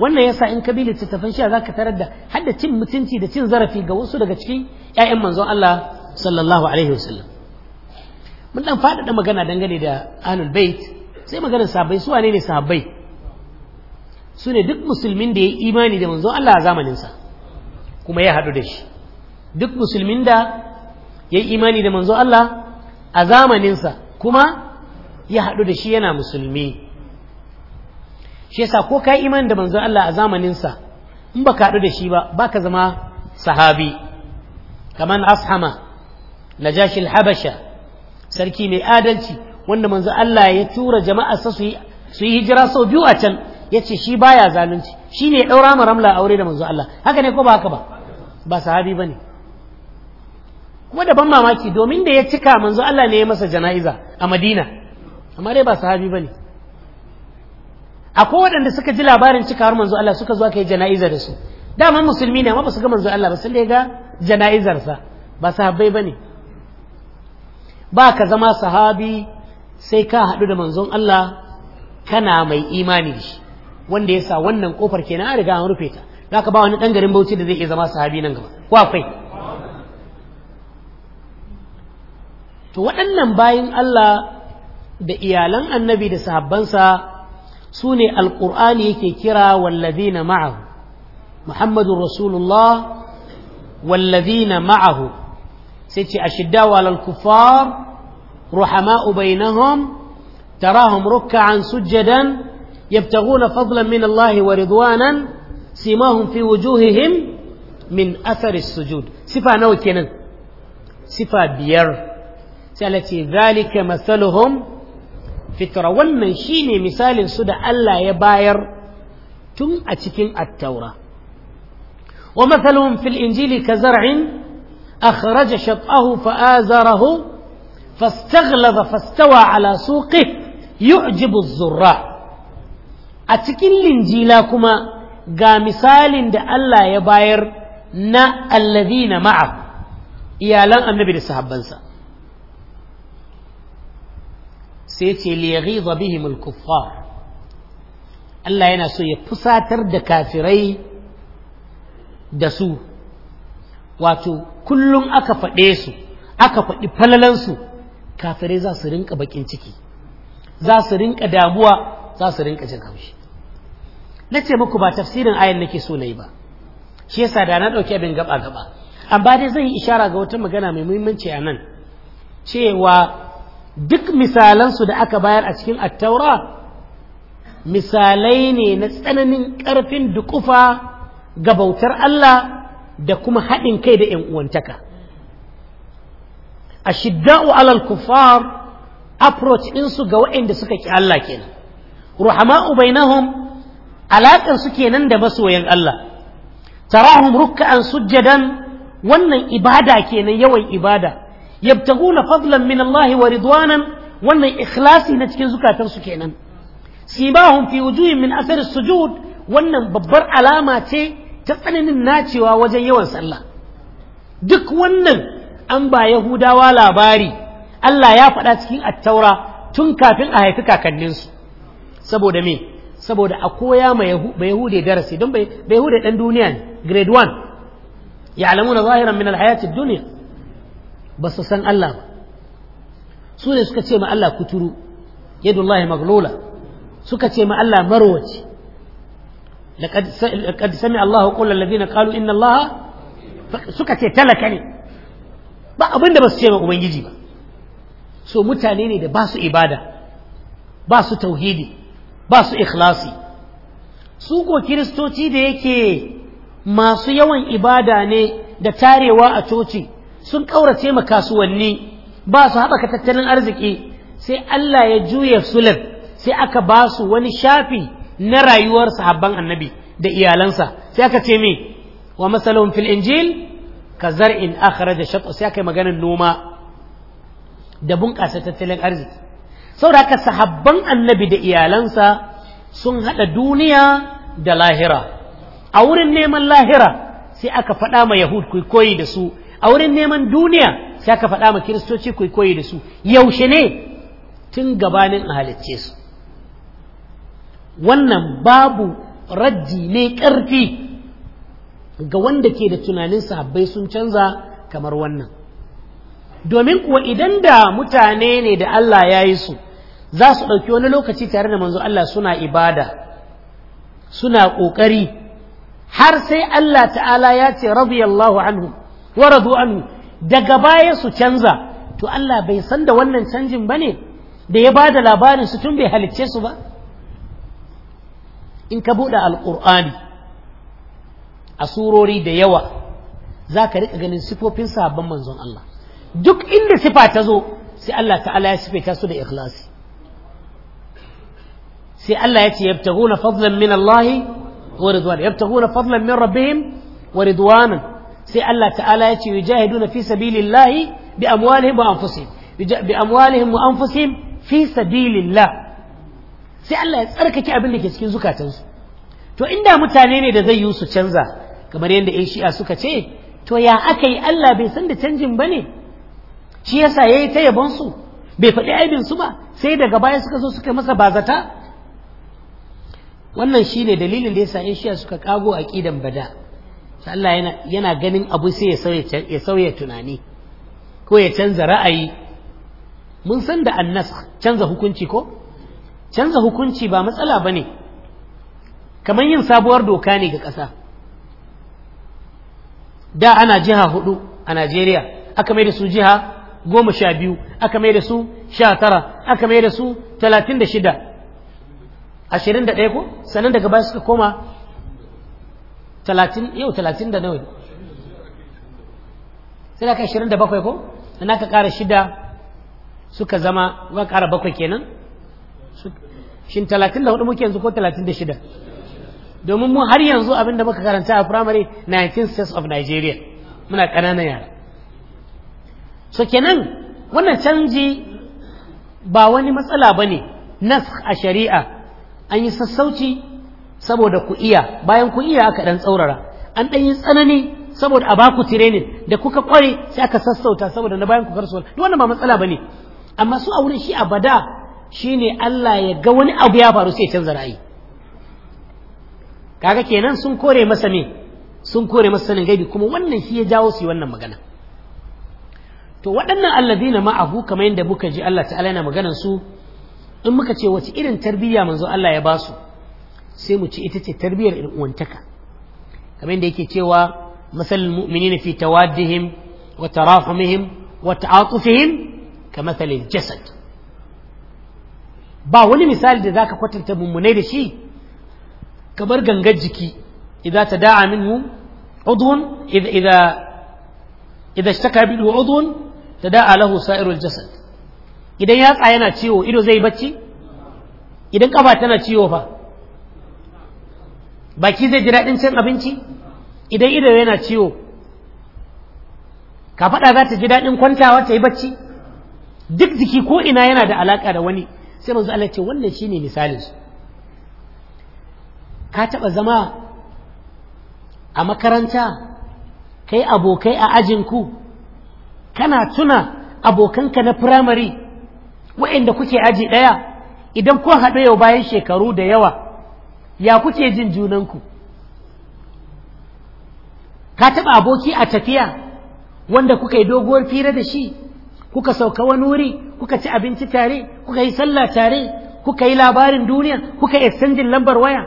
wannan yasa in ka bi littattafan shi za ka tarar da har da cin mutunci da cin zarafi ga wasu daga cikin ƴaƴan manzon Allah sallallahu alaihi wasallam mun dan faɗaɗa magana dangane da ahlul bait sai magana sahabbai su wane ne sahabbai su ne duk musulmin da ya yi imani da manzon Allah a zamaninsa kuma ya haɗu da shi duk musulmin da ya yi imani da manzon Allah a zamaninsa kuma ya haɗu da shi yana musulmi shi yasa ko kai imani da manzon Allah a zamanin sa in baka haɗu da shi ba baka zama sahabi kaman ashama najashi habasha sarki mai adalci wanda manzo Allah ya tura jama'a sa su yi su hijira sau biyu a can yace shi baya zalunci shine ya daura mu ramla aure da manzo Allah haka ne ko ba haka ba ba sahabi bane kuma da ban mamaki domin da ya cika manzo Allah ne ya masa jana'iza a Madina amma dai ba sahabi bane akwai waɗanda suka ji labarin cikawar manzo Allah suka zuwa kai jana'izar da su dama musulmi ne amma ba su ga manzo Allah ba sun ga jana'izarsa ba sahabbai ba ne ba ka zama sahabi sai ka haɗu da manzon Allah kana mai imani da shi wanda ya sa wannan kofar kenan an riga an rufe ta Da ka ba wani dan garin bauchi da zai iya zama sahabi nan gaba ko akwai to waɗannan bayin Allah da iyalan annabi da sahabbansa سوني القرآن يكيكرا والذين معه محمد رسول الله والذين معه سيتي أشداء على الكفار رحماء بينهم تراهم ركعا سجدا يبتغون فضلا من الله ورضوانا سيماهم في وجوههم من أثر السجود سفا نوكنا سفا بير سألتي ذلك مثلهم fitra wannan shine misalin su da Allah ya bayar tun a cikin at-taura wa mathaluhum fil injili ka zar'in akhraja shat'ahu fa azarahu fastaghlaza fastawa ala suqi yu'jibu az-zurra a cikin linjila kuma ga misalin da Allah ya bayar na alladhina ma'a iyalan annabi da sahabbansa sai ce Allah yana so ya fusatar da kafirai da su wato kullum aka faɗe su aka faɗi falalansu kafirai za su rinka bakin ciki za su rinka damuwa za su rinka jin haushi na ce muku ba tafsirin ayan nake so na yi ba shi yasa da na ɗauki abin gaba gaba amma dai zai yi ishara ga wata magana mai muhimmanci a nan cewa duk misalansu da aka bayar a cikin attaura misalai ne na tsananin ƙarfin dukufa ga bautar Allah da kuma haɗin kai da ‘yan uwantaka a shidda'u alal kufar approach ɗinsu ga waɗanda suka ƙi Allah kenan ruhama'u bainahum alaƙar su kenan da masoyan Allah tarahum rukka'an sujjadan wannan ibada kenan yawan ibada yabtaguna fadlan min wa ridwanan wannan ikhlasi na cikin zukatansu kenan sibahum fi wujuhin min asar sujud wannan babbar alama ce ta tsananin nacewa wajen yawan sallah duk wannan an ba yahudawa labari Allah ya faɗa cikin attaura tun kafin a haifi kakanninsu saboda me saboda a koya ma yahude darasi don bai yahude dan duniya ne grade 1 na zahiran min alhayati duniya. ba su san Allah ba su ne suka ce ma Allah kuturu yadullahi maglola suka ce ma Allah marwaci laqad sami Allahu qawla alladhina qalu inna Allah suka ce talaka ne ba abinda ba su ce ma ubangiji ba so mutane ne da ba su ibada ba su tauhidi ba su ikhlasi su ko kiristoci da yake masu yawan ibada ne da tarewa a coci sun ƙaurace ma kasuwanni ba su haɓaka tattalin arziki sai Allah ya juya sulab sai aka ba su wani shafi na rayuwar sahabban annabi da iyalansa sai aka ce me wa masalahum fil injil ka zar'in da shaqqa sai aka yi maganar noma da bunƙasa tattalin arziki saboda haka sahabban annabi da iyalansa sun haɗa duniya da lahira a wurin neman lahira sai aka faɗa ma yahud koyi da su a wurin neman duniya sai ka faɗa ma kiristoci ku koyi da su yaushe ne tun gabanin a halicce su wannan babu rajji ne ƙarfi ga wanda ke da tunanin sahabbai sun canza kamar wannan domin kuwa idan da mutane ne da Allah ya yi su za su ɗauki wani lokaci tare da manzo Allah suna ibada suna ƙoƙari har sai Allah ta'ala ya ce radiyallahu anhu waradu anhu daga baya su canza to Allah bai san da wannan canjin bane da ya bada labarin su tun bai halicce su ba in ka buɗe alƙur'ani a surori da yawa za ka riƙa ganin sifofin sahabban manzon Allah duk inda sifa ta zo sai Allah ta'ala ya ta su da ikhlasi sai Allah ya ce yabtaguna fadlan min Allah wa ridwan yabtaguna fadlan min rabbihim wa ridwanan sai Allah ta'ala ya ce yujahiduna fi sabilillahi bi amwalihim wa anfusihim bi amwalihim wa anfusihim fi sabilillah sai Allah ya tsarkake abin da ke cikin zukatansu to inda mutane ne da zai yi su canza kamar yadda ƴan shi'a suka ce to ya aka yi Allah bai san da canjin ne? shi yasa yayi ta yabon su bai faɗi aibin su ba sai daga baya suka zo suka masa bazata wannan shine dalilin da ya sa ƴan shi'a suka kago aqidan bada' Allah yana, ganin abu sai ya sauya tunani ko ya canza ra'ayi mun san da annas canza hukunci ko canza hukunci ba matsala ba ne kamar yin sabuwar doka ne ga ƙasa da ana jiha hudu a najeriya aka mai da su jiha goma sha biyu aka mai da su sha tara aka mai da su talatin da shida ashirin da ɗaya ko sannan daga baya suka koma talatin yau talatin da nawa sai da ka ashirin da bakwai ko na ka kara shida suka zama ka kara bakwai kenan shin talatin da hudu muke yanzu ko talatin da shida domin mu har yanzu abin da muka karanta a primary 19 states of nigeria muna kananan. yara so kenan wannan canji ba wani matsala ba ne nas a shari'a an yi sassauci saboda ku iya bayan ku iya aka dan tsaurara an dan yi tsanani saboda a baku training da kuka kware sai aka sassauta saboda na bayan ku karsu duk wannan ba matsala bane amma su a wurin shi abada shine Allah ya ga wani abu ya faru sai ya canza ra'ayi kaga kenan sun kore masa ne sun kore masa sanin gaibi kuma wannan shi ya jawo su wannan magana to waɗannan alladina ma'ahu kamar yadda muka ji Allah ta'ala yana maganar su in muka ce wace irin tarbiyya manzo Allah ya ba su sai mu ci ita ce tarbiyyar in uwantaka kamar da yake cewa masal mu'minina fi tawaddihim wa tarahumihim wa ta'atufihim ka masalin jasad ba wani misali da zaka kwatanta mummunai da shi kamar gangar jiki idza tada'a minhu udhun idza idza ishtaka bihi udhun tada'a lahu sa'irul jasad idan yatsa yana ciwo ido zai bacci idan kafa tana ciwo fa baki zai ji daɗin can abinci idan ido yana ciwo kafaɗa za ta ji daɗin kwantawa ta yi bacci duk jiki ko ina yana da alaƙa da wani sai manzo Allah ce wannan shine misalin su ka taɓa zama a makaranta kai abokai a ajinku kana tuna abokanka na firamare wa'inda kuke aji ɗaya idan kun haɗu yau bayan shekaru da yawa ya kuke jin junanku ka taɓa aboki a tafiya wanda kuka yi doguwar fira da shi kuka sauka wani wuri kuka ci abinci tare kuka yi sallah tare kuka yi labarin duniya kuka yi exchanging lambar waya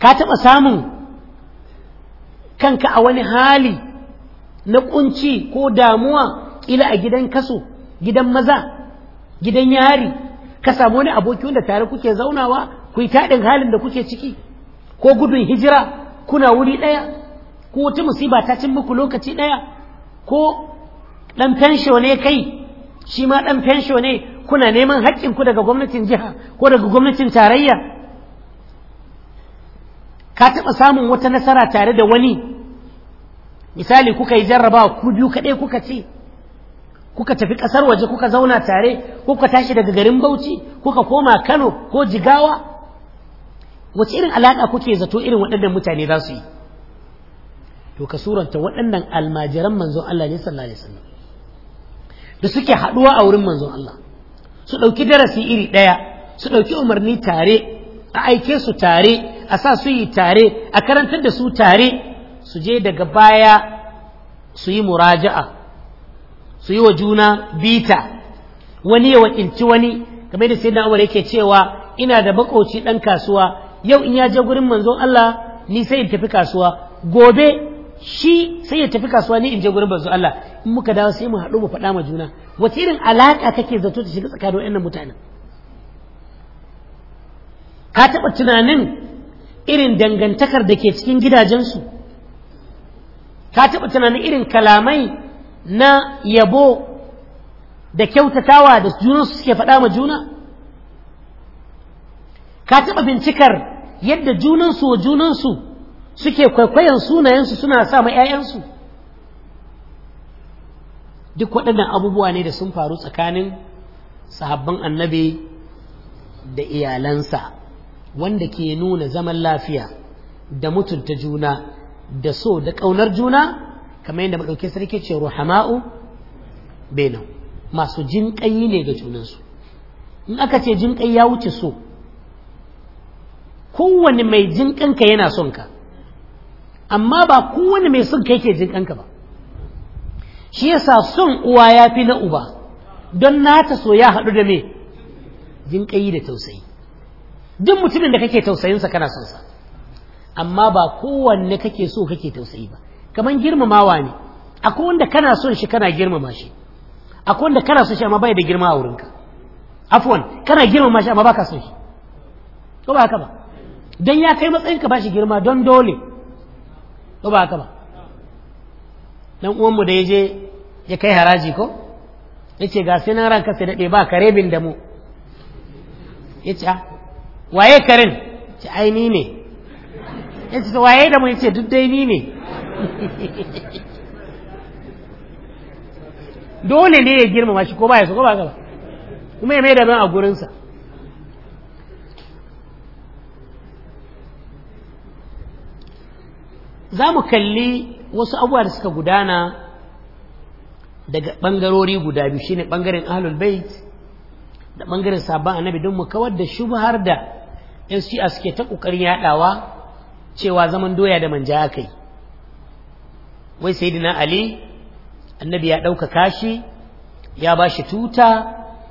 ka taɓa samun kanka a wani hali na kunci ko damuwa ila a gidan kaso gidan maza gidan yari ka samu wani aboki wanda tare kuke zaunawa ku yi taɗin halin da kuke ciki ko gudun hijira kuna wuri ɗaya ko wata musiba ta cin muku lokaci ɗaya ko ɗan fensho ne kai shi ma ɗan fensho ne kuna neman haƙƙinku daga gwamnatin jiha ko daga gwamnatin tarayya ka taɓa samun wata nasara tare da wani misali kuka yi jarrabawa ku biyu kaɗai kuka ce kuka tafi ƙasar waje kuka zauna tare kuka tashi daga garin bauchi kuka koma kano ko jigawa wace irin alaƙa kuke zato irin waɗannan mutane za su yi to ka suranta waɗannan almajiran manzon Allah ne sallallahu alaihi wasallam da suke haɗuwa a wurin manzon Allah su ɗauki darasi iri ɗaya su ɗauki umarni tare a aike su tare a sa su yi tare a karantar da su tare su je daga baya su yi muraja'a su yi wa juna bita wani ya wakinci wani game da sai Umar yake cewa ina da makoci ɗan kasuwa yau in ya je gurin manzon Allah ni sai in tafi kasuwa gobe shi sai ya tafi kasuwa ni in je gurin manzon Allah in muka dawo sai mu haɗu mu faɗa ma juna wace irin alaka kake zato ta shiga tsakanin waɗannan mutanen ka taɓa tunanin irin dangantakar da ke cikin gidajensu ka taɓa tunanin irin kalamai na yabo da kyautatawa da junansu suke faɗa ma juna ka taɓa bincikar yadda junansu wa junansu suke kwaikwayon sunayensu suna sa ma 'ya'yansu duk waɗannan abubuwa ne da sun faru tsakanin sahabban annabi da iyalansa wanda ke nuna zaman lafiya da mutunta juna da so da ƙaunar juna kamar yadda maɗauki sarki ce ruhama'u benin masu jinƙayi ne ga junansu in aka ce jinƙai ya wuce so kowane mai jin kanka yana son ka amma ba kowane mai son ka yake jin kanka ba shi yasa son uwa ya fi na uba don nata so ya haɗu da me jin da tausayi duk mutumin da kake tausayinsa kana son sa amma ba kowanne kake so kake tausayi ba kamar girmamawa ne akwai wanda kana son shi kana girmama shi akwai wanda kana son shi amma bai da girma a wurinka afwan kana girmama shi amma baka son shi ko ba haka ba don ya kai matsayin ka bashi girma don dole ko ba ka ba dan uwanmu da ya je ya kai haraji ko ya ce ga sai nan ranka sai daɗe ba kare bin da mu ya ce ah, waye karin? ce ai ni ne ya ce waye da mu ya ce duk dai ni ne [LAUGHS] dole ne ya girma shi ko ba ya so ko ba ka ba kuma ya mai da ban a gurinsa za mu kalli wasu abuwa da suka gudana daga ɓangarori guda biyu Shi ne ɓangaren ahlul bait da ɓangaren sabon annabi don mu kawar da har da yan shi'a suke ta ƙoƙarin yaɗawa cewa zaman doya da manja aka yi wai dina ali annabi ya ɗaukaka shi ya ba shi tuta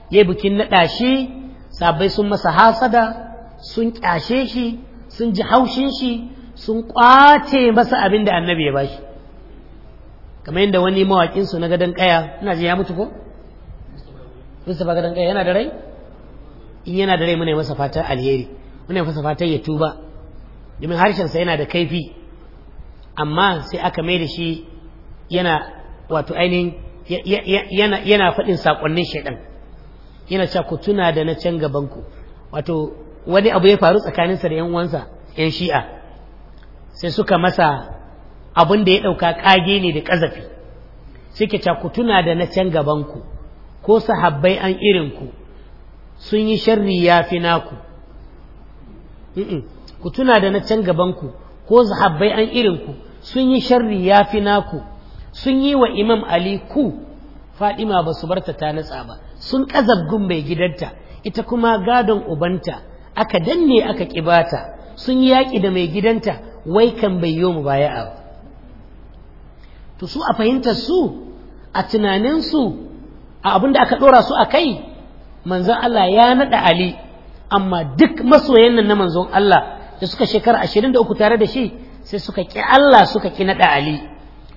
ya yi bikin naɗa shi sabai sun masa hasada sun ƙyashe shi sun ji haushin shi sun kwace masa abin da annabi ya bashi kamar yadda wani mawaƙin su na gadon kaya ina ji ya mutu ko Mustapha gadon kaya yana da rai in yana da rai muna masa fatan alheri muna masa fatan ya tuba domin harshen sa yana da kaifi amma sai aka mai da shi yana wato ainihin yana faɗin saƙonnin shaidan yana cewa ku tuna da na can gabanku wato wani abu ya faru tsakaninsa da yan uwansa yan shi'a sai suka masa abin da ya ɗauka ƙage ne da ƙazafi suke ku da na can gabanku ko sahabbai an irinku sun yi sharri ya fi naku ku da na can gabanku ko sahabbai an irinku sun yi sharri ya fi naku sun yi wa imam ali ku fadima ba su barta ta natsa ba sun ƙazabgun mai gidanta ita kuma gadon ubanta aka danne aka ƙibata sun yi yaƙi da mai gidanta wai kan bai yi mu baya a to su a fahimtar su a tunanin su a abin da aka ɗora su a kai manzon Allah ya naɗa Ali amma duk masoyan nan na manzon Allah da suka shekara ashirin da uku tare da shi sai suka ƙi Allah suka ƙi naɗa Ali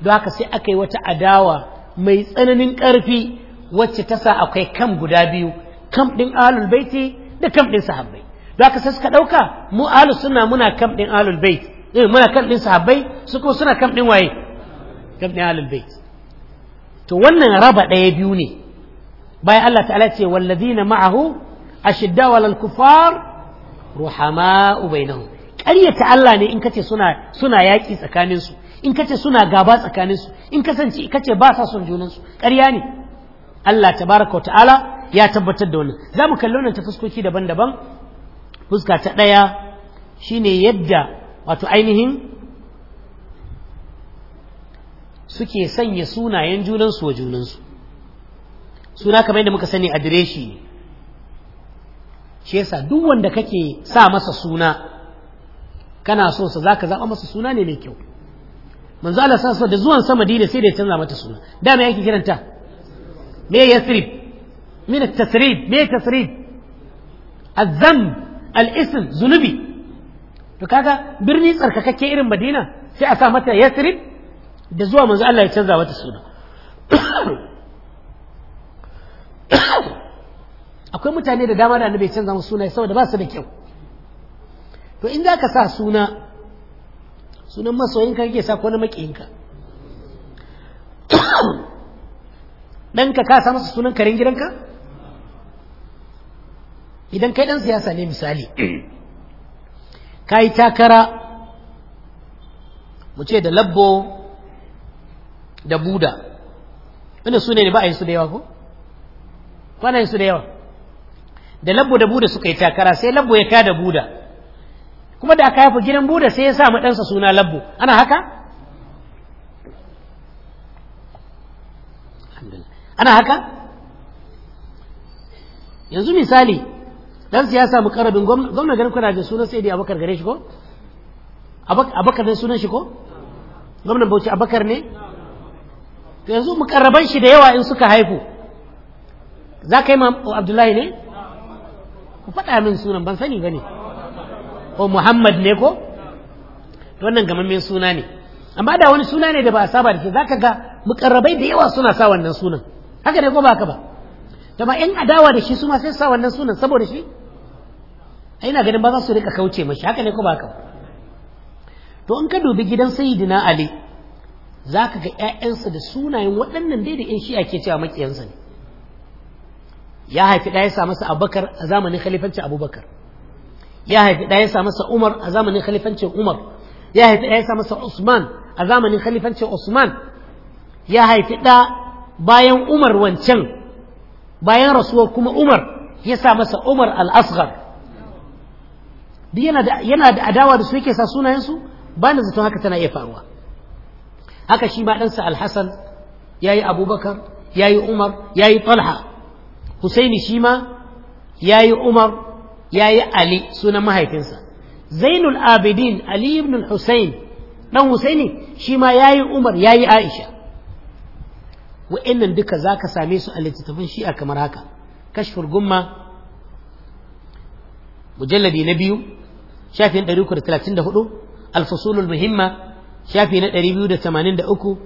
don haka sai aka yi wata adawa mai tsananin ƙarfi wacce ta sa akwai kam guda biyu kam ɗin alul baiti da kam ɗin sahabbai don haka sai suka ɗauka mu alu suna muna kam ɗin alul baiti eh muna kan din sahabbai su ko suna kan din waye kan din alul bait to wannan raba ɗaya biyu ne bayan Allah ta'ala ce walladina ma'ahu ashidda wal kufar ruhama karya ƙaryata Allah ne in kace suna suna yaƙi tsakanin su in kace suna gaba tsakanin su in kasance kace ba sa son junan su ƙarya ne Allah tabaraka wa ta'ala ya tabbatar da wannan zamu kalli wannan ta fuskoki daban-daban fuska ta ɗaya shine yadda wato ainihin suke sanya sunayen junansu wa junansu suna kamar yadda muka sani adireshi ne shi yasa duk wanda kake sa masa suna kana so sa zaka zaba masa suna ne mai kyau manzo Allah sa da zuwan sama dina sai da ya canza mata suna da me yake kiranta me yasrib min at-tasrib me tasrib az al-ism zunubi to kaga birni tsarkakakke irin madina sai a sa mata yasrib da zuwa manzo Allah ya canza mata suna [COUGHS] akwai mutane da dama da annabi ya canza musu suna saboda ba su da kyau to in za ka sa suna sunan masoyinka kake sa ko na maƙiyinka [COUGHS] ɗanka ka sa masa sunan karen gidanka idan kai ɗan siyasa ne misali ka yi takara mu ce da labbo da buda inda su ne ba a yi su da yawa ko? kwana yi su da yawa da labbo da buda suka yi takara sai labbo ya kada buda kuma da aka yafi gidan buda sai ya sa ɗansa suna labbo ana haka? ana haka? yanzu misali dan siyasa karabin gwamna garin kuna da sunan sai dai abakar gare shi ko abakar ne sunan shi ko gwamnan bauchi abakar ne to yanzu mukarraban shi da yawa in suka haihu za ka yi ma abdullahi ne ku faɗa min sunan ban sani ba ne ko muhammad ne ko to wannan gamammen suna ne amma da wani suna ne da ba a saba da shi za ka ga mukarrabai da yawa suna sa wannan sunan haka ne ko ba ka ba to ba in adawa da shi su ma sai sa wannan sunan saboda shi ina ganin ba za su rika kauce mashi haka ne ko ba haka to in ka dubi gidan sayyidina ali zaka ga 'ya'yansa da sunayen waɗannan dai da ƴan shi'a ke cewa makiyansa ne ya haifi ɗaya sa masa abubakar a zamanin khalifancin abubakar ya haifi ɗaya sa masa umar a zamanin khalifancin umar ya haifi ɗaya sa masa usman a zamanin khalifancin usman ya haifi ɗa bayan umar wancan bayan rasuwar kuma umar ya sa masa umar al-asghar duk yana da adawa da su yake sa sunayensu ba na zaton haka tana iya faruwa haka shi ma ɗansa alhassan ya yi abubakar ya yi umar ya yi talha husaini shi ma ya yi umar ya yi ali sunan mahaifinsa zainul abidin ali ibn husain ɗan husaini shi ma ya yi umar ya yi aisha wa'annan duka za ka same su a littattafan shi'a kamar haka kashfur gumma mujalladi na biyu shafin 334 alfasulul muhimma shafi na 283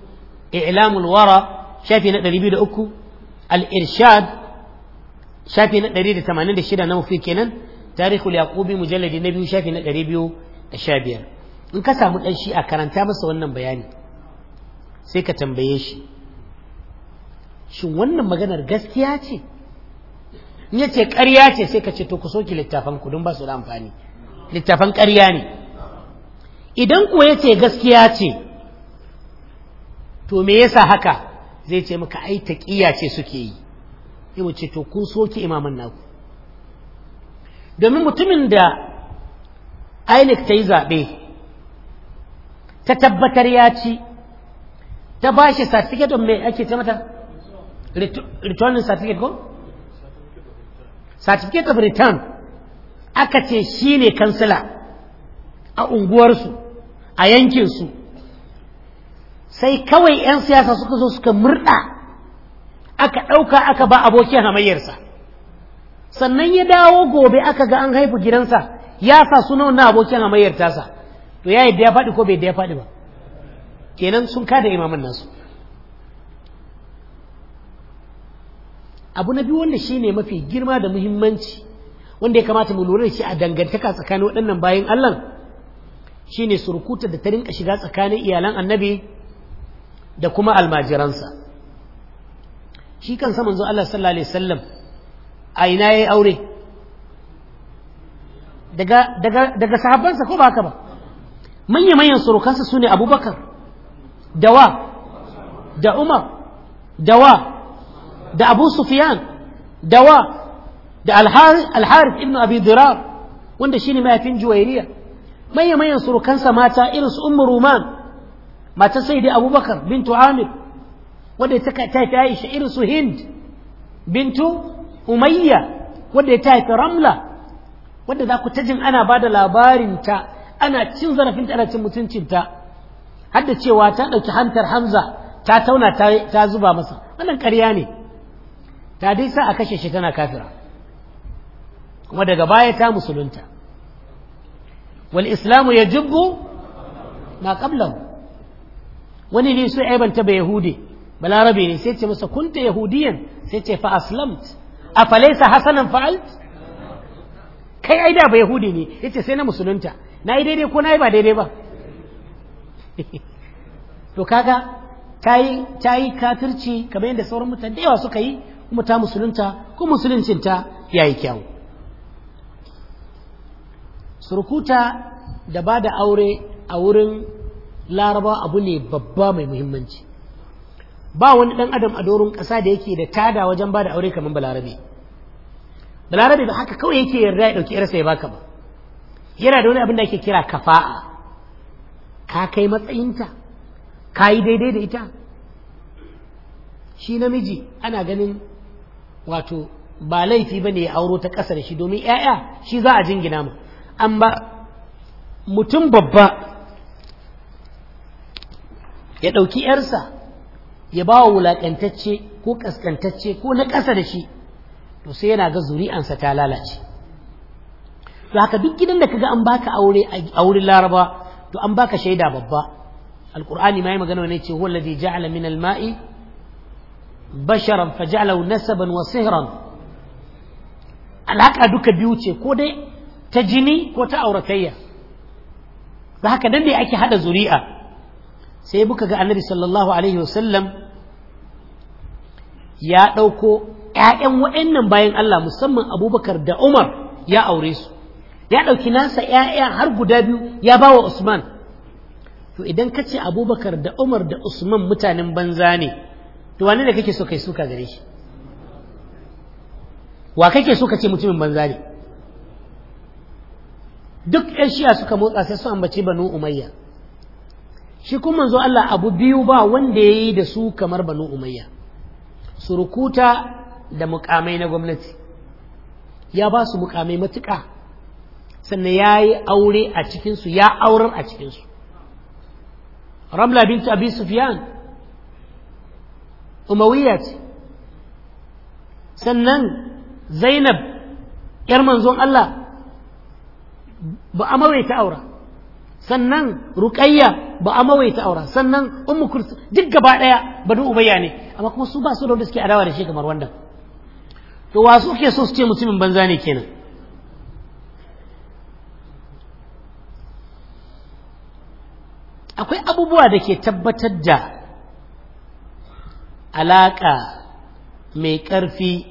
i'lamul wara shafi na 203 al-irshad shafi na 186 na mafi kenan tarihul yaqubi mujalladi na biyu shafi na 215 in ka samu ɗan shi a karanta masa wannan bayani sai ka tambaye shi shin wannan maganar gaskiya ce in yace ƙarya ce sai ka ce to ku soki littafan ku don ba su da amfani littafan ƙarya ne idan kuwa ya ce gaskiya ce to me yasa haka zai ce maka ai taqiya ce suke yi yau ce to kun soke imaman naku domin mutumin da ainih ta yi zaɓe ta tabbatar ya ci ta ba shi certificate of mai ake ta mata returning certificate ko certificate of return aka ce shi ne kansila a unguwarsu a yankinsu sai kawai 'yan siyasa suka zo suka murɗa aka ɗauka aka ba abokin hamayyarsa sannan ya dawo gobe aka ga an haifu gidansa ya sa suna na abokin hamayyar to ya yadda ya faɗi ko bai da ya faɗi ba kenan sun kada imamin nasu abu na biyu wanda shi ne mafi girma da muhimmanci wanda ya kamata mu lura da shi a dangantaka tsakanin waɗannan bayan Allah shine surukuta da ta rinka shiga tsakanin iyalan annabi da kuma almajiransa shi kan saman zuwa Allah sallallahu alaihi wasallam a ina yayi aure daga daga daga sahabbansa ko ba haka ba manya manyan surukansa sune Abubakar dawa da Umar dawa da Abu Sufyan dawa da alharif ibn abi dirar wanda shine mahaifin juwairiya manya manyan surukansa mata irin su ummu ruman mata abubakar bintu amir wanda ta haifi aisha irin su hind bintu umayya wanda ya haifi ramla wanda za ku ta jin ana ba da labarinta ana cin zarafinta ana cin mutuncinta har da cewa ta ɗauki hantar hamza ta tauna ta zuba masa wannan ƙarya ne ta dai sa a kashe shi tana kafira kuma daga baya ta musulunta wal islamu ya jibbu ma qablahu wani ne su aibanta ba yahudi balarabe ne sai ce masa kunta yahudiyan sai ce fa aslamt falaisa hasanan fa'alt kai ai da ba yahudi ne yace sai na musulunta na yi daidai ko na yi ba daidai ba [LAUGHS] to kaga tayi tayi kafirci kamar yadda sauran mutane da yawa suka yi kuma ta musulunta ko musuluncin ta yayi kyau surkuta da ba da aure a wurin laraba abu ne babba mai muhimmanci ba wani ɗan adam a doron ƙasa da yake da tada wajen ba da aure kamar balarabe balarabe ba haka kawai yake yarda ya ɗauki yarsa ya baka ba yana da wani abin da ake kira kafa'a ka kai matsayinta ka yi daidai da ita shi namiji ana ganin wato ba laifi ba ne ya auro ta ƙasa da shi domin ‘ya'ya shi za a jingina mu amma mutum babba ya ɗauki ‘yarsa ya ba wa wulaƙantacce ko ƙasƙantacce ko na ƙasa da shi to sai yana ga zuri'ansa ta lalace to haka duk gidan da kaga an baka aure a wurin laraba to an baka shaida babba alƙur'ani ma yi magana ne ce huwa alladhi ja'ala min al basharan faja'alahu nasaban wa sihran alaka duka biyu ce ko dai ta jini ko ta auratayya da haka nan ne ake hada zuri'a sai buka ga annabi sallallahu alaihi wasallam ya ɗauko ƴaƴan waɗannan bayan Allah musamman abubakar da umar ya aure su ya ɗauki nasa ƴaƴa har guda biyu ya bawa usman to idan kace ce abubakar da umar da usman mutanen banza ne to wane da kake so kai suka gare shi wa kake so ka ce mutumin banza ne duk yan shiya suka motsa sai su ambaci banu umayya shi kuma manzo Allah abu biyu ba wanda ya yi da su kamar banu umayya surukuta da mukamai na gwamnati ya ba su mukamai matuƙa sannan ya yi aure a cikinsu ya aurar a cikinsu ramla bintu abi sufyan umawiya sannan zainab ‘yar manzon Allah ba a mawaita aura sannan ruqayya ba a mawaita aura sannan umu kursu duk gaba daya duk ubayya ne amma kuma su ba su da suke adawa da shi kamar wanda. to wa su ke so su ce mutumin banza ne kenan akwai abubuwa da ke tabbatar da alaƙa mai ƙarfi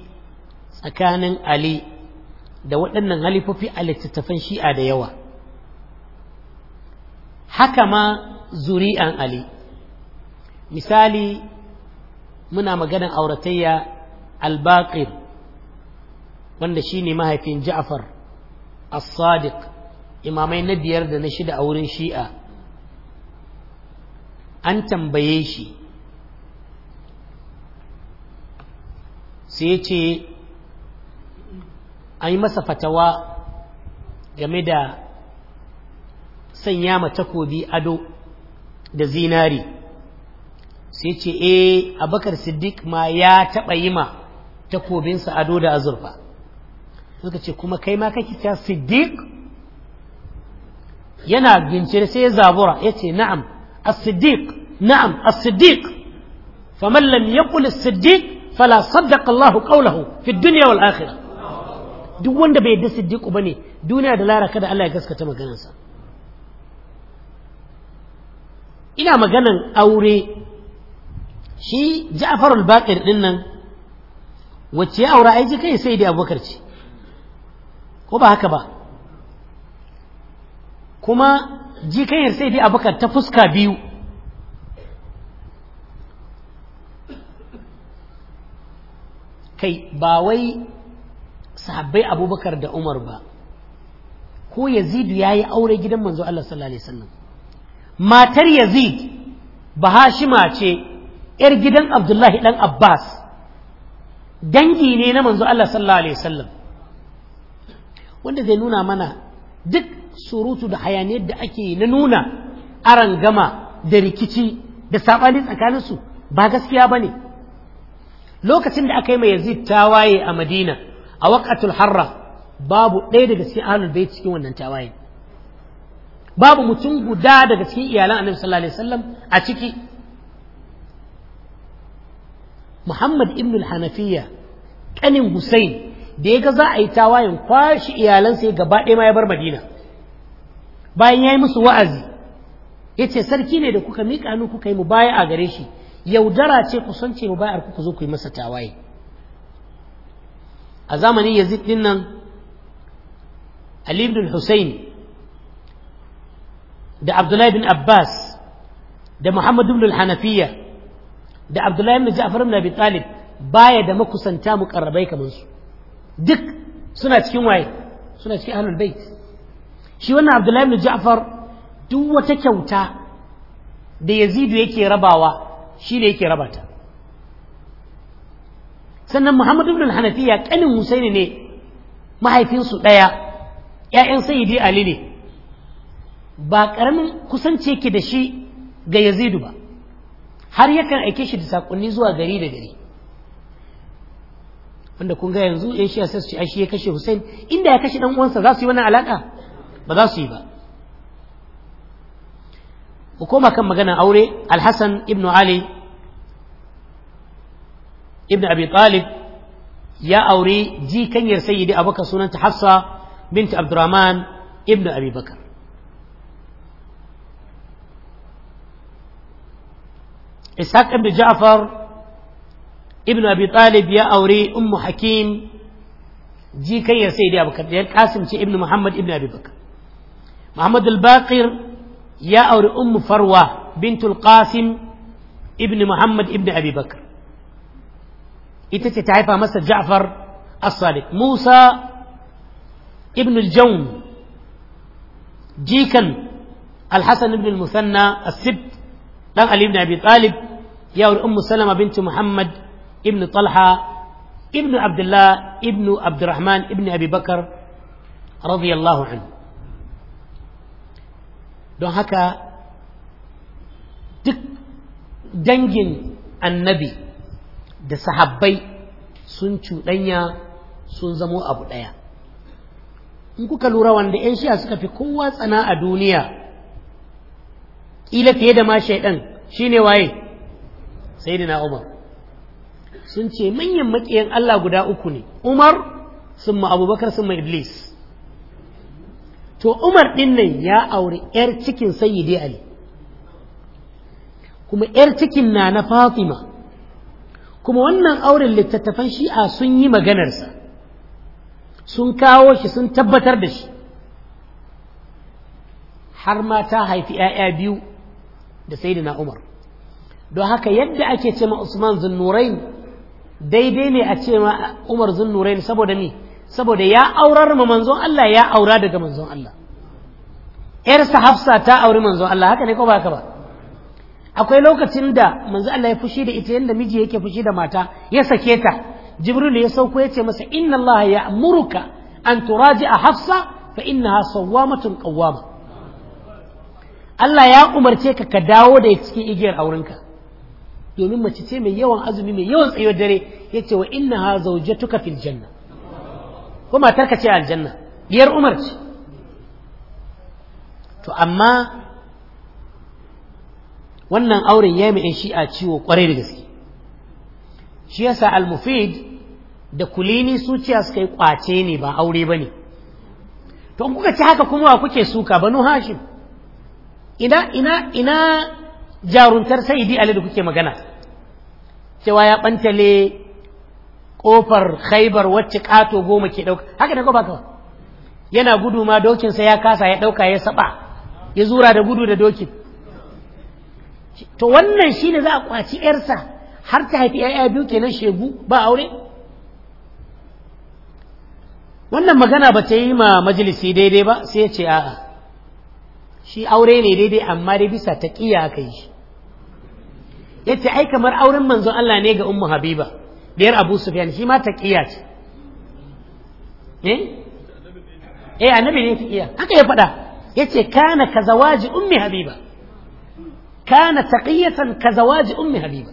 tsakanin Ali da waɗannan halifofi a littattafan shi'a da yawa haka ma zuri'an ali misali muna maganan auratayya albaqir wanda shi ne mahaifin ja'far as-sadiq imamai na biyar da na shida a wurin shi'a an tambaye shi sai ce an yi masa fatawa game da sanya ma takobi ado da zinari sai ce eh abakar siddiq ma ya taɓa yi ma takobinsa ado da azurfa suka ce kuma kai ma kake ta siddiq yana gincire sai ya zabura ya ce na'am as-siddiq na'am as-siddiq faman lam yaqul as-siddiq fala saddaqa Allahu qawlahu fi ad-dunya wal akhirah duk wanda bai yadda ba ne duniya da lara kada Allah ya gaskata maganarsa ina maganan aure shi Ja'far al-Baqir din nan wacce ya aura ai kai sai dai Abubakar ce ko ba haka ba kuma ji jikayar sai dai Abubakar ta fuska biyu kai ba wai sahabbai abubakar da umar ba ko yazidu ya yi aure gidan manzo Allah sallallahu alaihi wasallam matar yazid bahashima ce yar gidan abdullahi dan abbas dangi ne na manzo Allah sallallahu alaihi wasallam wanda zai nuna mana duk surutu da hayaniyar da ake na nuna aran gama da rikici da sabani tsakaninsu ba gaskiya bane lokacin da aka yi mai yazid tawaye a madina a waƙatul harra babu ɗaya daga cikin ahlul bai cikin wannan tawaye babu mutum guda daga cikin iyalan annabi sallallahu alaihi wasallam a ciki Muhammad ibn al-Hanafiya kanin Hussein da ya ga za a yi tawayen kwashi iyalansa ya gaba ɗaya ma ya bar Madina bayan ya yi musu wa'azi ya ce sarki ne da kuka miƙa nuku kuka yi mu baya a gare shi yaudara ce kusance son ce mu bayar kuka zo ku yi masa tawaye a zamanin yazid din nan ali ibn da abdullahi bin abbas da muhammad ibn hanafiya da abdullahi bin ja'far bin abi talib baya da makusanta muqarrabai kamar su duk suna cikin waye suna cikin ahlul bait shi wannan abdullahi bin ja'far duk wata kyauta da yazidu yake rabawa shi ne yake rabata sannan muhammadu ibn Hanafiya kanin Husaini ne mahaifinsu ɗaya ‘ya'yan sayidi Ali ne ba ƙaramin kusanci yake da shi ga Yazidu ba har yakan aike shi da saƙonni zuwa gari da gari wanda kun ga yanzu ya shi sai su ce shi ya kashe Husain, inda ya kashe dan uwansa za su yi wannan alaƙa ba za su yi ba ku koma kan magana aure Alhassan ibnu ibn Ali ابن أبي طالب يا أوري جي كان يرسيدي أبوك سنان تحصى بنت عبد الرحمن ابن أبي بكر إسحاق ابن جعفر ابن أبي طالب يا أوري أم حكيم جي كان يرسيدي أبوك قاسم جي ابن محمد ابن أبي بكر محمد الباقر يا أوري أم فروة بنت القاسم ابن محمد ابن أبي بكر ita ce ta haifa masa Ja'far as-Sadiq Musa ibn al-Jawm jikan al-Hasan ibn al-Musanna as-Sibt dan Ali ibn Abi Talib ya Ummu Salama Muhammad ibn Talha ibn Abdullah ibn Abdurrahman ibn Abi radiyallahu anhu don haka duk dangin annabi da sahabbai sun cuɗanya sun zamo abu ɗaya in kuka lura wanda 'yan shiya suka fi kowa tsana a duniya ƙila fiye da ma shaiɗan shi ne waye sai na umar sun ce manyan maƙiyan Allah guda uku ne umar sun ma abubakar sun ma iblis to umar ɗin nan ya auri 'yar cikin sayyidi ali kuma 'yar cikin na na fatima kuma wannan auren littattafan shi'a sun yi maganarsa sun kawo shi sun tabbatar da shi har ma ta haifi 'ya'ya biyu da saidina umar don haka yadda ake ce ma usman zunnurain daidai ne a ce ma umar zunnurain saboda ni saboda ya aurar ma manzon Allah ya aura daga manzon Allah ‘yarsa hafsa ta auri manzon Allah haka ne ko ba haka ba akwai lokacin da manzo Allah ya fushi da ita yanda miji yake fushi da mata ya sake ta jibril ya sauko ya ce masa inna Allah ya amuruka an turaji a hafsa fa innaha sawwamatun qawwama Allah ya umarce ka ka dawo da cikin igiyar aurenka domin mace ce mai yawan azumi mai yawan tsayo dare yace wa innaha zawjatuka fil janna ko matarka ce aljanna biyar umar to amma wannan auren ya yi a ciwo kwarai da gaske shi yasa al-mufid da kulini su ciya suka yi kwace ne ba aure ba ne to kuka ci haka kuma wa kuke suka banu hashim ina ina ina jaruntar saidi ali da kuke magana cewa ya bantale kofar khaibar wacce kato goma ke dauka haka da ko baka yana gudu ma dokinsa ya kasa ya dauka ya saba ya zura da gudu da dokin to wannan shi ne za a kwaci yarsa har ta haifi ‘ya'ya biyu kenan shegu ba aure? Wannan magana ba ta yi ma majalisi daidai ba sai ya ce a'a, shi aure ne daidai amma dai bisa ta ƙiya aka yi. Ya ce ai kamar auren manzo Allah ne ga Ummu Habiba, biyar Abu Sufyan shi ma ta ƙiya ce. Eh? Eh annabi ne ta ƙiya, haka ya faɗa, ya ce kana ka zawaji Ummi Habiba. كان تقية كزواج أم هبيبة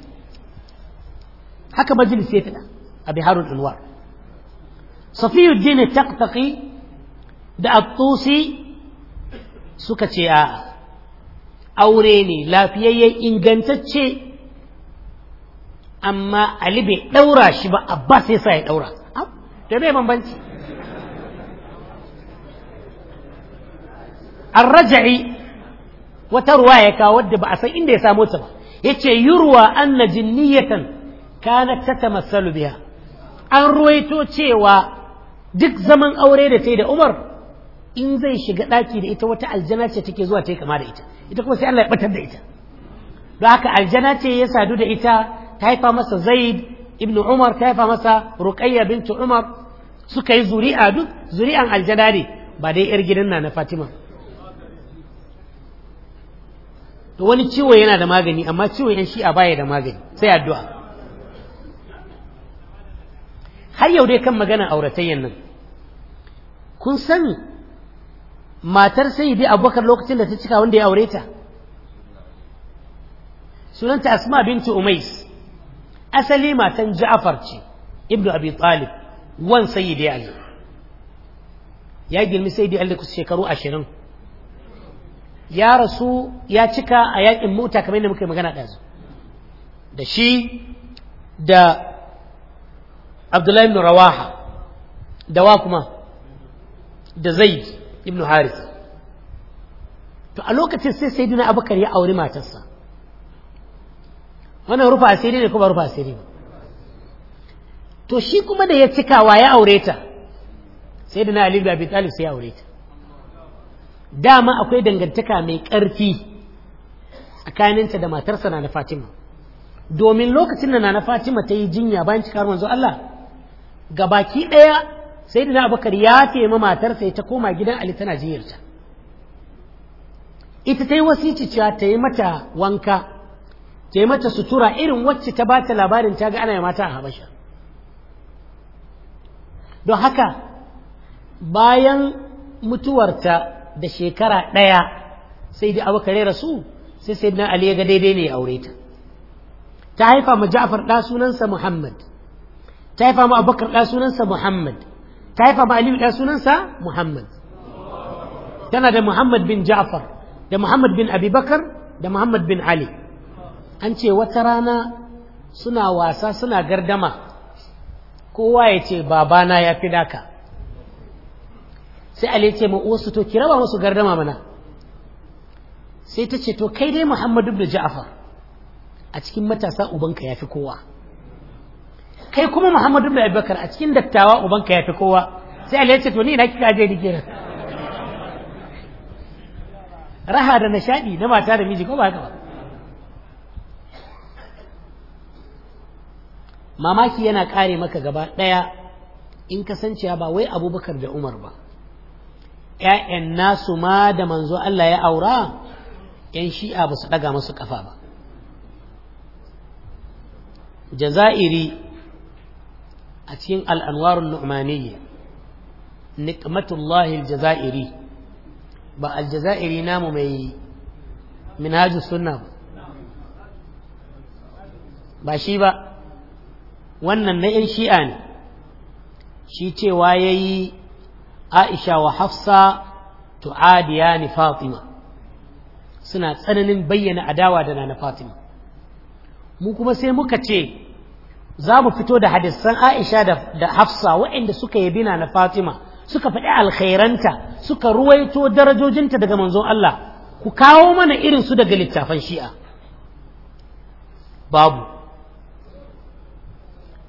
حكى مجلس يتنا أبي هارون الأنوار صفي الدين التقطقي دا الطوسي سكتي آ آه، أوريني لا في أي إنجنتتشي أما ألبي دورا شبا أباسي ساي دورا تبعي من بنتي الرجعي wata ruwa ya kawo wadda ba a san inda ya samo ta ba yace yurwa anna jinniyatan kanat tatamassalu biha an ruwaito cewa duk zaman aure da ta da Umar in zai shiga ɗaki da ita wata aljana ce take zuwa ta kama da ita ita kuma sai Allah ya batar da ita don haka aljana ce ya sadu da ita ta haifa masa Zaid ibn Umar ta haifa masa Ruqayya bint Umar suka yi zuri'a duk zuri'an aljana ne ba dai yar gidan na na Fatima to wani ciwo yana da magani amma ciwon yan shi'a baya da magani sai addu'a har yau dai kan magana auratayyan nan kun sani matar sai dai abubakar lokacin da ta cika wanda ya aure ta sunanta asma bintu umais asali matan ja'far ce ibnu abi talib wan sayyidi ali ya girmi sayyidi ali kusa shekaru ashirin ya rasu ya cika a yakin mota kamar yadda muka yi magana ɗazu da shi da abdullahi ibn rawaha da wa kuma da zaid ibn haris to a lokacin sai sai duna abubakar ya auri matarsa wannan rufa asiri ne kuma rufa asiri ne to shi kuma da ya cika wa ya aure ta sai duna ali bin abi talib sai ya aure ta dama akwai dangantaka mai ƙarfi tsakaninta da matarsa na na Fatima domin lokacin da na na Fatima ta yi jinya bayan cikar manzo Allah ga baki ɗaya sai da Abubakar ya ma matarsa ya ta koma gidan Ali tana jinyarta ita ta yi wasici ta yi mata wanka ta yi mata sutura irin wacce ta bata labarin ta ga ana yi mata a Habasha don haka bayan mutuwarta da shekara ɗaya sai da abu kare rasu sai sai na ali ya ga daidai ne ya aure ta ta haifa mu ja'far ɗa sunansa muhammad ta haifa mu abubakar ɗa sunansa muhammad ta haifa mu aliyu ɗa sunansa muhammad tana da muhammad bin ja'far da muhammad bin abubakar da muhammad bin ali an ce wata rana suna wasa suna gardama kowa ya ce babana ya fi daka sai Ali ya ce ma wasu to ki raba musu gardama mana sai ta ce to kai dai Muhammadu da Ja'far a cikin matasa ubanka yafi kowa kai kuma Muhammadu da Abubakar a cikin dattawa ubanka yafi kowa sai Ali ya ce to ni na kika je dike raha da nishadi na mata da miji ko ba haka ba mamaki yana kare maka gaba daya in kasancewa ba wai abubakar da umar ba ‘ya'yan nasu ma da manzo Allah ya aura ‘yan shi'a ba su ɗaga masu ƙafa ba jaza'iri a cikin al'anwarun nu'maniyya nikmatullahi jaza'iri ba aljaza'iri namu mai minhajus sunna ba ba shi ba wannan na ‘yan shi'a ne shi cewa ya yi aisha wa hafsa tu'adiya ni fatima suna tsananin bayyana adawa da na fatima mu kuma sai muka ce za mu fito da hadisan aisha da hafsa waɗanda suka yabi na fatima suka faɗi alkhairanta suka ruwaito darajojinta daga manzon Allah ku kawo mana irin su daga littafan shi'a babu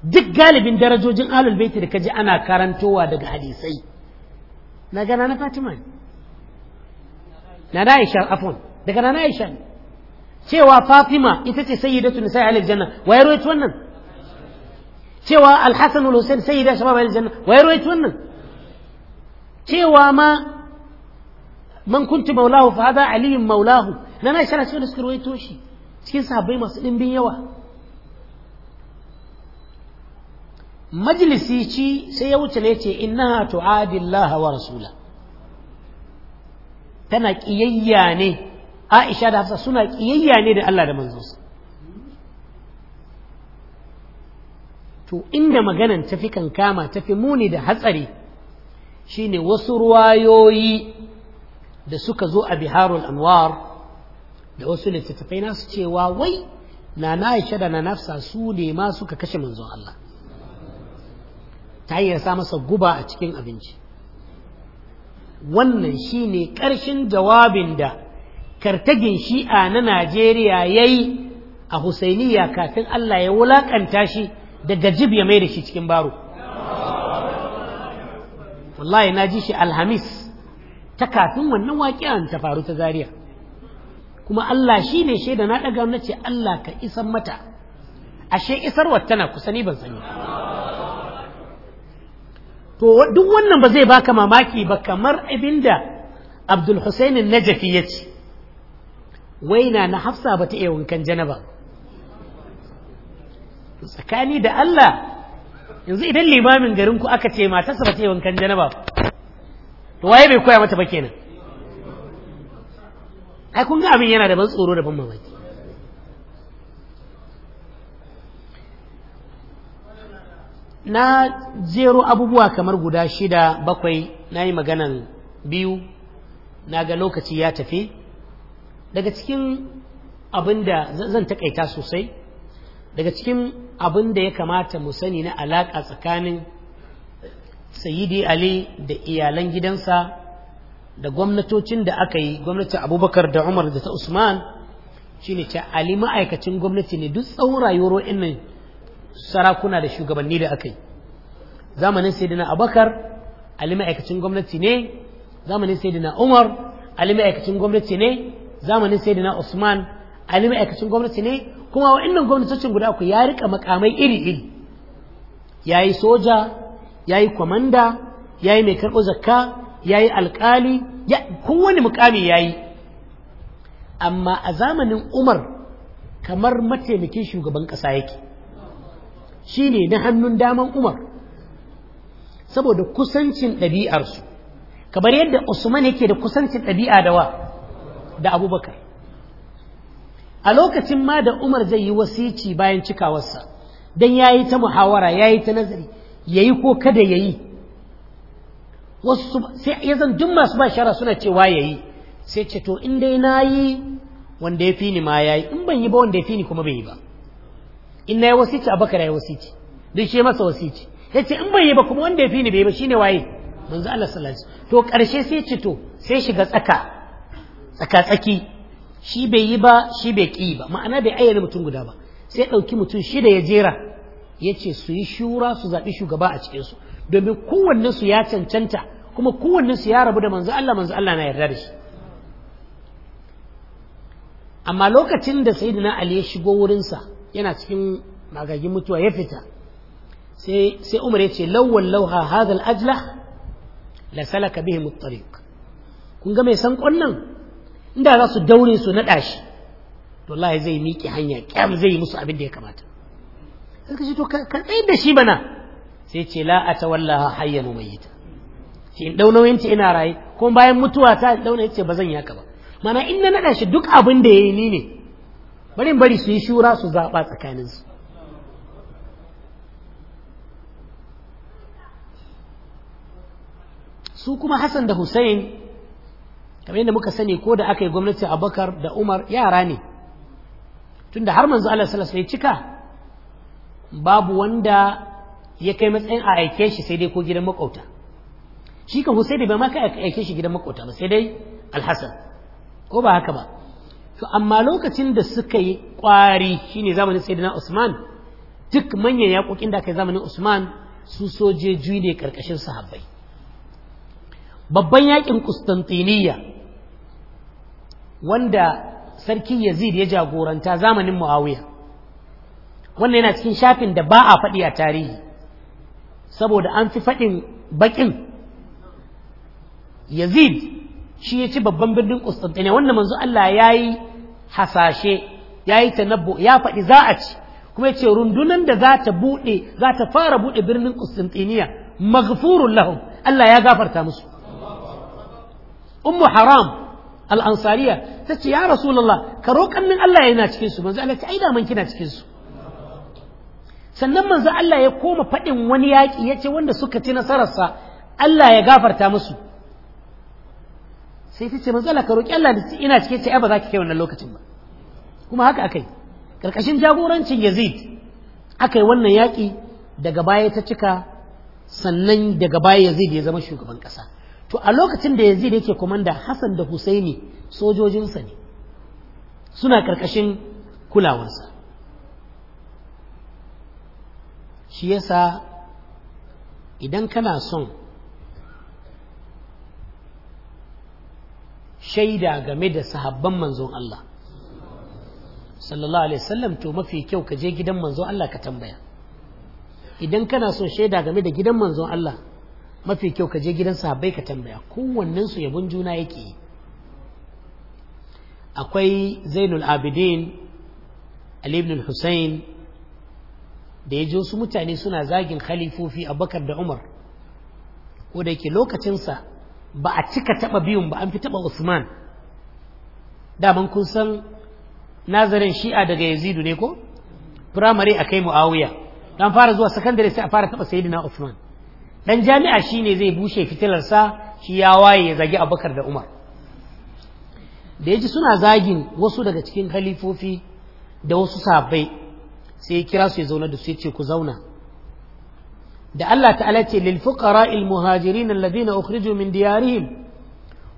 duk galibin darajojin alul baiti da kaji ana karantowa daga hadisai na gana na fatima na na aisha afon daga na aisha cewa fatima ita ce sayyidatu nisa ahli aljanna wa ya rawaito wannan cewa Alhassan wal husain sayyida shabab ahli aljanna wa ya rawaito wannan cewa ma man kuntu maulahu fa hada aliyyun maulahu na na aisha rasul suka rawaito shi cikin sahabbai masu dimbin yawa majalisi ci sai ya wuce ne ce Inna tu'adillaha wa rasula tana kiyayya ne Aisha da Hafsa suna kiyayya ne da Allah da manzonsa to inda maganan tafi kankama tafi muni da hatsari shine wasu ruwayoyi da suka zo a biharul anwar da wasu littattafai nasu cewa wai na na da na nafsa su ne ma suka kashe manzon Allah ta hanyar sa masa guba a cikin abinci wannan shine ƙarshen jawabin da kartagin shi'a na najeriya ya yi a husainiya kafin allah ya wulaƙanta shi daga jib ya mai da shi cikin baro wallahi na ji shi alhamis ta kafin wannan waƙiyan ta faru ta zariya kuma allah shi ne shaida na ɗaga na ce allah ka isan mata ashe isarwar tana kusa ni ban sani to duk wannan ba zai baka mamaki ba kamar abinda Abdul Hussein Najafi ya ce waina na Hafsa ba ta iya wankan janaba tsakani da Allah yanzu idan limamin garin ku aka ce matarsa ba ta iya wankan janaba to waye bai koya mata ba kenan ai kun ga abin yana da ban tsoro da ban mamaki na zero abubuwa kamar guda shida bakwai na yi maganan biyu na ga lokaci ya tafi daga cikin abin da zan taƙaita sosai daga cikin abin da ya kamata mu sani na alaƙa tsakanin sayidi ali da iyalan gidansa da gwamnatocin da aka yi gwamnatin abubakar da umar da ta usman shine ta ali ma'aikacin gwamnati ne duk tsawon rayuwar nan. sarakuna da shugabanni da aka yi zamanin dina abakar ali ma'aikacin gwamnati ne zamanin dina umar ali ma'aikacin gwamnati ne zamanin dina usman ali ma'aikacin gwamnati ne kuma wa'annan gwamnatocin guda uku ya rika makamai iri iri ya yi soja ya yi kwamanda ya yi mai karɓo zakka ya yayi alƙali kowane mukami ya yi. amma a zamanin umar kamar mataimakin shugaban ƙasa yake Shi ne na hannun daman Umar saboda kusancin ɗabi'arsu kamar yadda Usman yake da kusancin ɗabi'a da wa da Abubakar a lokacin ma da Umar zai yi wasici bayan cikawarsa ya yi ta muhawara ya yi ta nazari ya yi ko kada yayi wasu sai ya zan duk masu ba shara suna cewa ya yi. sai ce to in dai yi wanda ya fi ni ma ya yi, in ban yi ba wanda ya fi ni kuma bai yi ba Inna ya yi wasici abakar ya yi wasici duk shi masa wasici ya ce in bai yi ba kuma wanda ya fi ni bai ba shine waye manzo Allah sallallahu to karshe sai ce to sai shiga tsaka tsaka tsaki shi bai yi ba shi bai ki ba ma'ana bai ayyana mutum guda ba sai ɗauki mutum shida ya jera ya ce su yi shura su zaɓi shugaba a cikinsu domin kowannensu ya cancanta kuma kowannensu ya rabu da manzo Allah manzo Allah na yarda da shi amma lokacin da sayyidina Ali ya shigo wurinsa yana cikin magagin mutuwa ya fita sai Umar ya ce lauha hadha ajla la salaka bihi at kun ga mai san konnan inda za su daure su nada shi to wallahi zai miƙe hanya kyam zai yi musu abin da ya kamata sai ka to ka tsayar da shi bana sai ce la atawallaha hayyan mayyita ce in dauna yanci ina raye ko bayan mutuwa ta dauna yace ba zan yaka ba mana in na nada shi duk abin da yayi ni ne bari bari su yi shura su zaɓa tsakaninsu su kuma Hassan da Hussein kamar yadda muka sani ko da aka yi gwamnati bakar da Umar yara ne tun da har manzo Allah salasa ya cika babu wanda ya kai matsayin a aike shi sai dai ko gidan makauta shi kan Hussein bai ma kai aike shi gidan makauta ba sai dai Alhassan ko ba haka ba to amma lokacin da suka yi kwari shine zamanin sayyidina Usman duk manyan yakokin da aka yi zamanin Usman su sojeji ne karkashin sahabbai babban yakin Kustantiniya wanda sarki Yazid ya jagoranta zamanin Muawiya wannan yana cikin shafin da ba a faɗi a tarihi saboda an fi faɗin baƙin Yazid shi ya ci babban birnin Kustantiniya wanda manzo Allah ya yi hasashe ya yi tanabbu ya faɗi za a ci kuma ya ce rundunan da za ta buɗe za ta fara buɗe birnin Constantiniya maghfurun lahum Allah ya gafarta musu ummu haram al'ansariya ta ce ya rasulullah ka roƙan nan Allah yana cikin su manzo Allah ta aida man kina cikin su sannan manzo Allah ya koma faɗin wani yaƙi ya ce wanda suka ci nasararsa Allah ya gafarta musu sai ta ce ka roƙi Allah da ina cike ce ai ba za ki kai wannan lokacin ba kuma haka akai karkashin jagorancin Yazid akai wannan yaƙi daga baya ta cika sannan daga baya Yazid ya zama shugaban ƙasa to a lokacin da Yazid yake komanda Hassan da Husaini sojojinsa ne suna ƙarƙashin kulawarsa shi yasa idan kana son shaida game da sahabban manzon Allah sallallahu alaihi wasallam to mafi kyau ka je gidan manzon Allah ka tambaya idan kana so shaida game da gidan manzon Allah mafi kyau ka je gidan sahabbai ka tambaya kowannen su yabon juna yake akwai Zainul Abidin Ali ibn Hussein da ya ji wasu mutane suna zagin khalifofi Abubakar da Umar ko da yake lokacinsa ba a cika taɓa biyun ba an fi taɓa usman daman kun san nazarin shi'a daga yazidu ne ko firamare a kai mu'awiya dan fara zuwa sakandare sai a fara taɓa sayidina usman dan jami'a shi ne zai bushe fitilarsa shi ya waye ya zagi abubakar da umar da ya ji suna zagin wasu daga cikin halifofi da wasu sahabbai sai ya kira su ya zauna da su ya ce ku zauna da Allah ta'ala ce lil fuqara al muhajirin alladhina ukhriju min diyarihim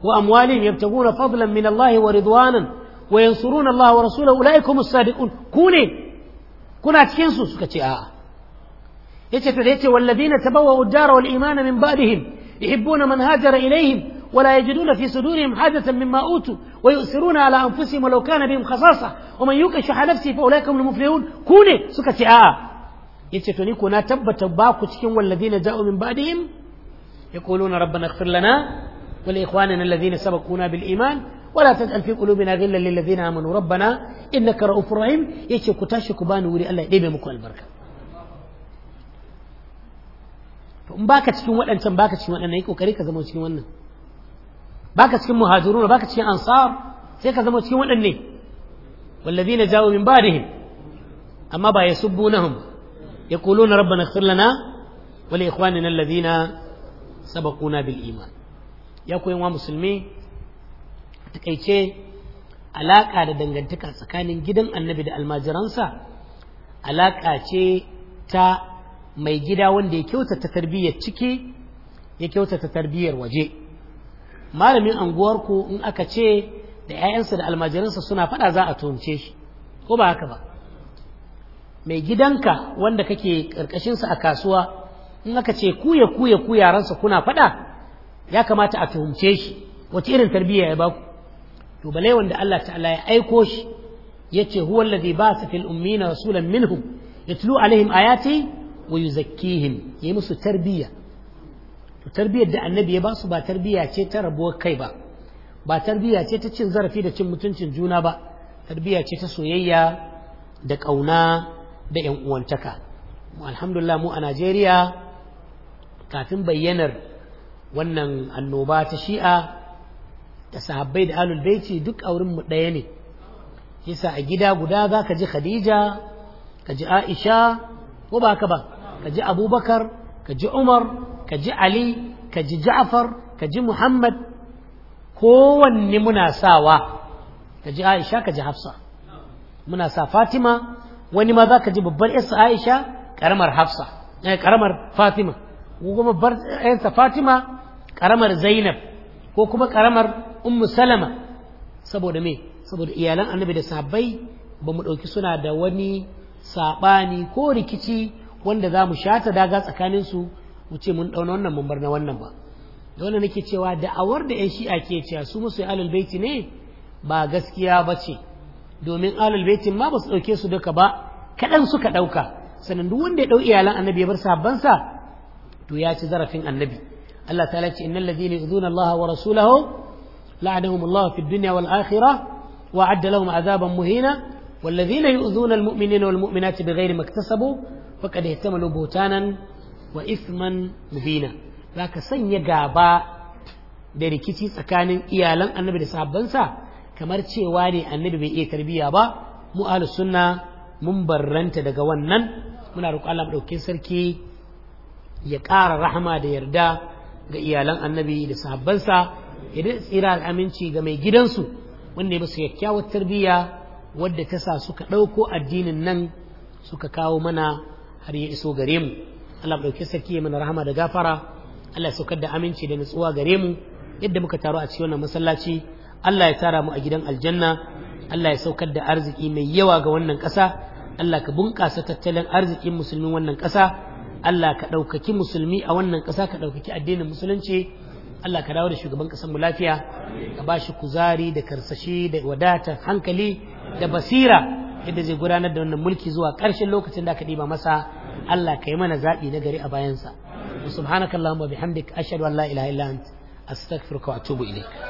wa amwalihim yabtaguna fadlan min Allah wa ridwanan wa yansuruna Allah wa rasulahu ulaikum as-sadiqun ku ne kuna cikin su suka ce a'a yace to yace walladhina tabawwa'u ad-dara wal imana min ba'dihim yuhibbuna man hajara ilayhim ولا يجدون في صدورهم حاجة مما أوتوا ويؤثرون على أنفسهم ولو كان بهم خصاصة ومن يوق شح نفسه فأولئك هم المفلحون كوني سكتي آه yace to ni ko na tabbata ba ku cikin walladina ja'u min ba'dihim yaquluna rabbana ighfir lana wa li ikhwanina alladhina sabaquna bil iman ولا تجعل في قلوبنا غلا للذين امنوا ربنا انك رؤوف رحيم yace ku tashi ku bani wuri Allah ya ɗebe muku albarka to in baka cikin waɗancan baka cikin wadannan yi kokari ka zama cikin wannan baka cikin muhajiruna baka cikin ansar sai ka zama cikin waɗanne wallazina jawo min ba'dihim amma ba yasubbunahum يقولون ربنا اغفر لنا ولإخواننا الذين سبقونا بالإيمان يا كوين musulmi. تكيتشي alaƙa da dangantaka tsakanin gidan annabi da almajiransa alaƙa ce ta mai gida wanda ya kyautata tarbiyyar ciki ya kyautata tarbiyyar waje malamin anguwarku in aka ce da 'ya'yansa da almajiransa suna faɗa za a tuhumce shi ko ba haka ba mai gidanka wanda kake karkashinsa a kasuwa in aka ce ku kuya ku yaransa kuna faɗa ya kamata a tuhumce shi wace irin tarbiyya ya baku to bale wanda Allah ta'ala ya aiko shi yace huwa alladhi ba'atha fil ummina rasulan minhum yatlu alaihim ayati wa yuzakkihim yayi musu tarbiyya to tarbiyyar da annabi ya basu ba tarbiyya ce ta rabuwar kai ba ba tarbiyya ce ta cin zarafi da cin mutuncin juna ba tarbiyya ce ta soyayya da ƙauna da yan uwantaka alhamdulillah mu a Najeriya kafin bayyanar wannan annoba ta shi'a da sahabbai da alul baiti duk a wurin mu ɗaya ne yasa a gida guda za ka ji khadija ka ji aisha ko ba ka ba ka ji abubakar ka ji umar ka ji ali ka ji ja'far ka ji muhammad kowanne muna sawa ka ji aisha ka ji hafsa muna sa fatima wani ma za ka ji babbar yarsa aisha karamar hafsa karamar eh, fatima ko kuma bar yarsa fatima karamar zainab ko kuma karamar ummu salama saboda me saboda iyalan annabi da sahabbai ba mu ɗauki suna da wani saɓani ko rikici wanda za mu shata daga tsakaninsu mu ce mun ɗauna wannan mun bar na wannan ba da nake cewa da'awar da 'yan shi'a ke cewa su musu alal baiti ne ba gaskiya ba ce domin alul baitin ma ba su ɗauke su duka ba kaɗan suka ɗauka sannan duk wanda ya ɗau iyalan annabi ya bar sahabbansa to ya ci zarafin annabi Allah ta ce innal ladhina yu'dhuna Allah wa rasulahu la'anahum Allah fid dunya wal akhirah wa adda lahum azaban muhina والذين يؤذون المؤمنين والمؤمنات بغير ما اكتسبوا فقد احتملوا بهتانا وإثما مبينا ذاك sanya gaba da rikici tsakanin iyalan annabi da sahabbansa kamar cewa ne annabi bai iya tarbiyya ba mu ahlus sunna mun barranta daga wannan muna roƙon Allah ɗauke sarki ya ƙara rahama da yarda ga iyalan annabi da sahabbansa ya da tsira aminci ga mai gidansu wanda ya basu kyakkyawar tarbiyya wadda ta sa suka ɗauko addinin nan suka kawo mana har ya iso gare mu Allah ɗauke sarki ya mana rahama da gafara Allah ya saukar da aminci da nutsuwa gare mu yadda muka taru a cikin wannan masallaci Allah ya tara mu a gidan aljanna Allah ya saukar da arziki mai yawa ga wannan ƙasa Allah ka bunƙasa tattalin arzikin musulmin wannan ƙasa Allah ka ɗaukaki musulmi a wannan ƙasa ka ɗaukaki addinin musulunci Allah ka dawo da shugaban ƙasar mu lafiya ka ba shi kuzari da karsashi da wadata hankali da basira yadda zai gudanar da wannan mulki zuwa ƙarshen lokacin da aka ɗiba masa Allah ka yi mana zaɓi na gari a bayansa subhanakallahumma bihamdik ashhadu an la ilaha illa anta astaghfiruka wa atubu ilaik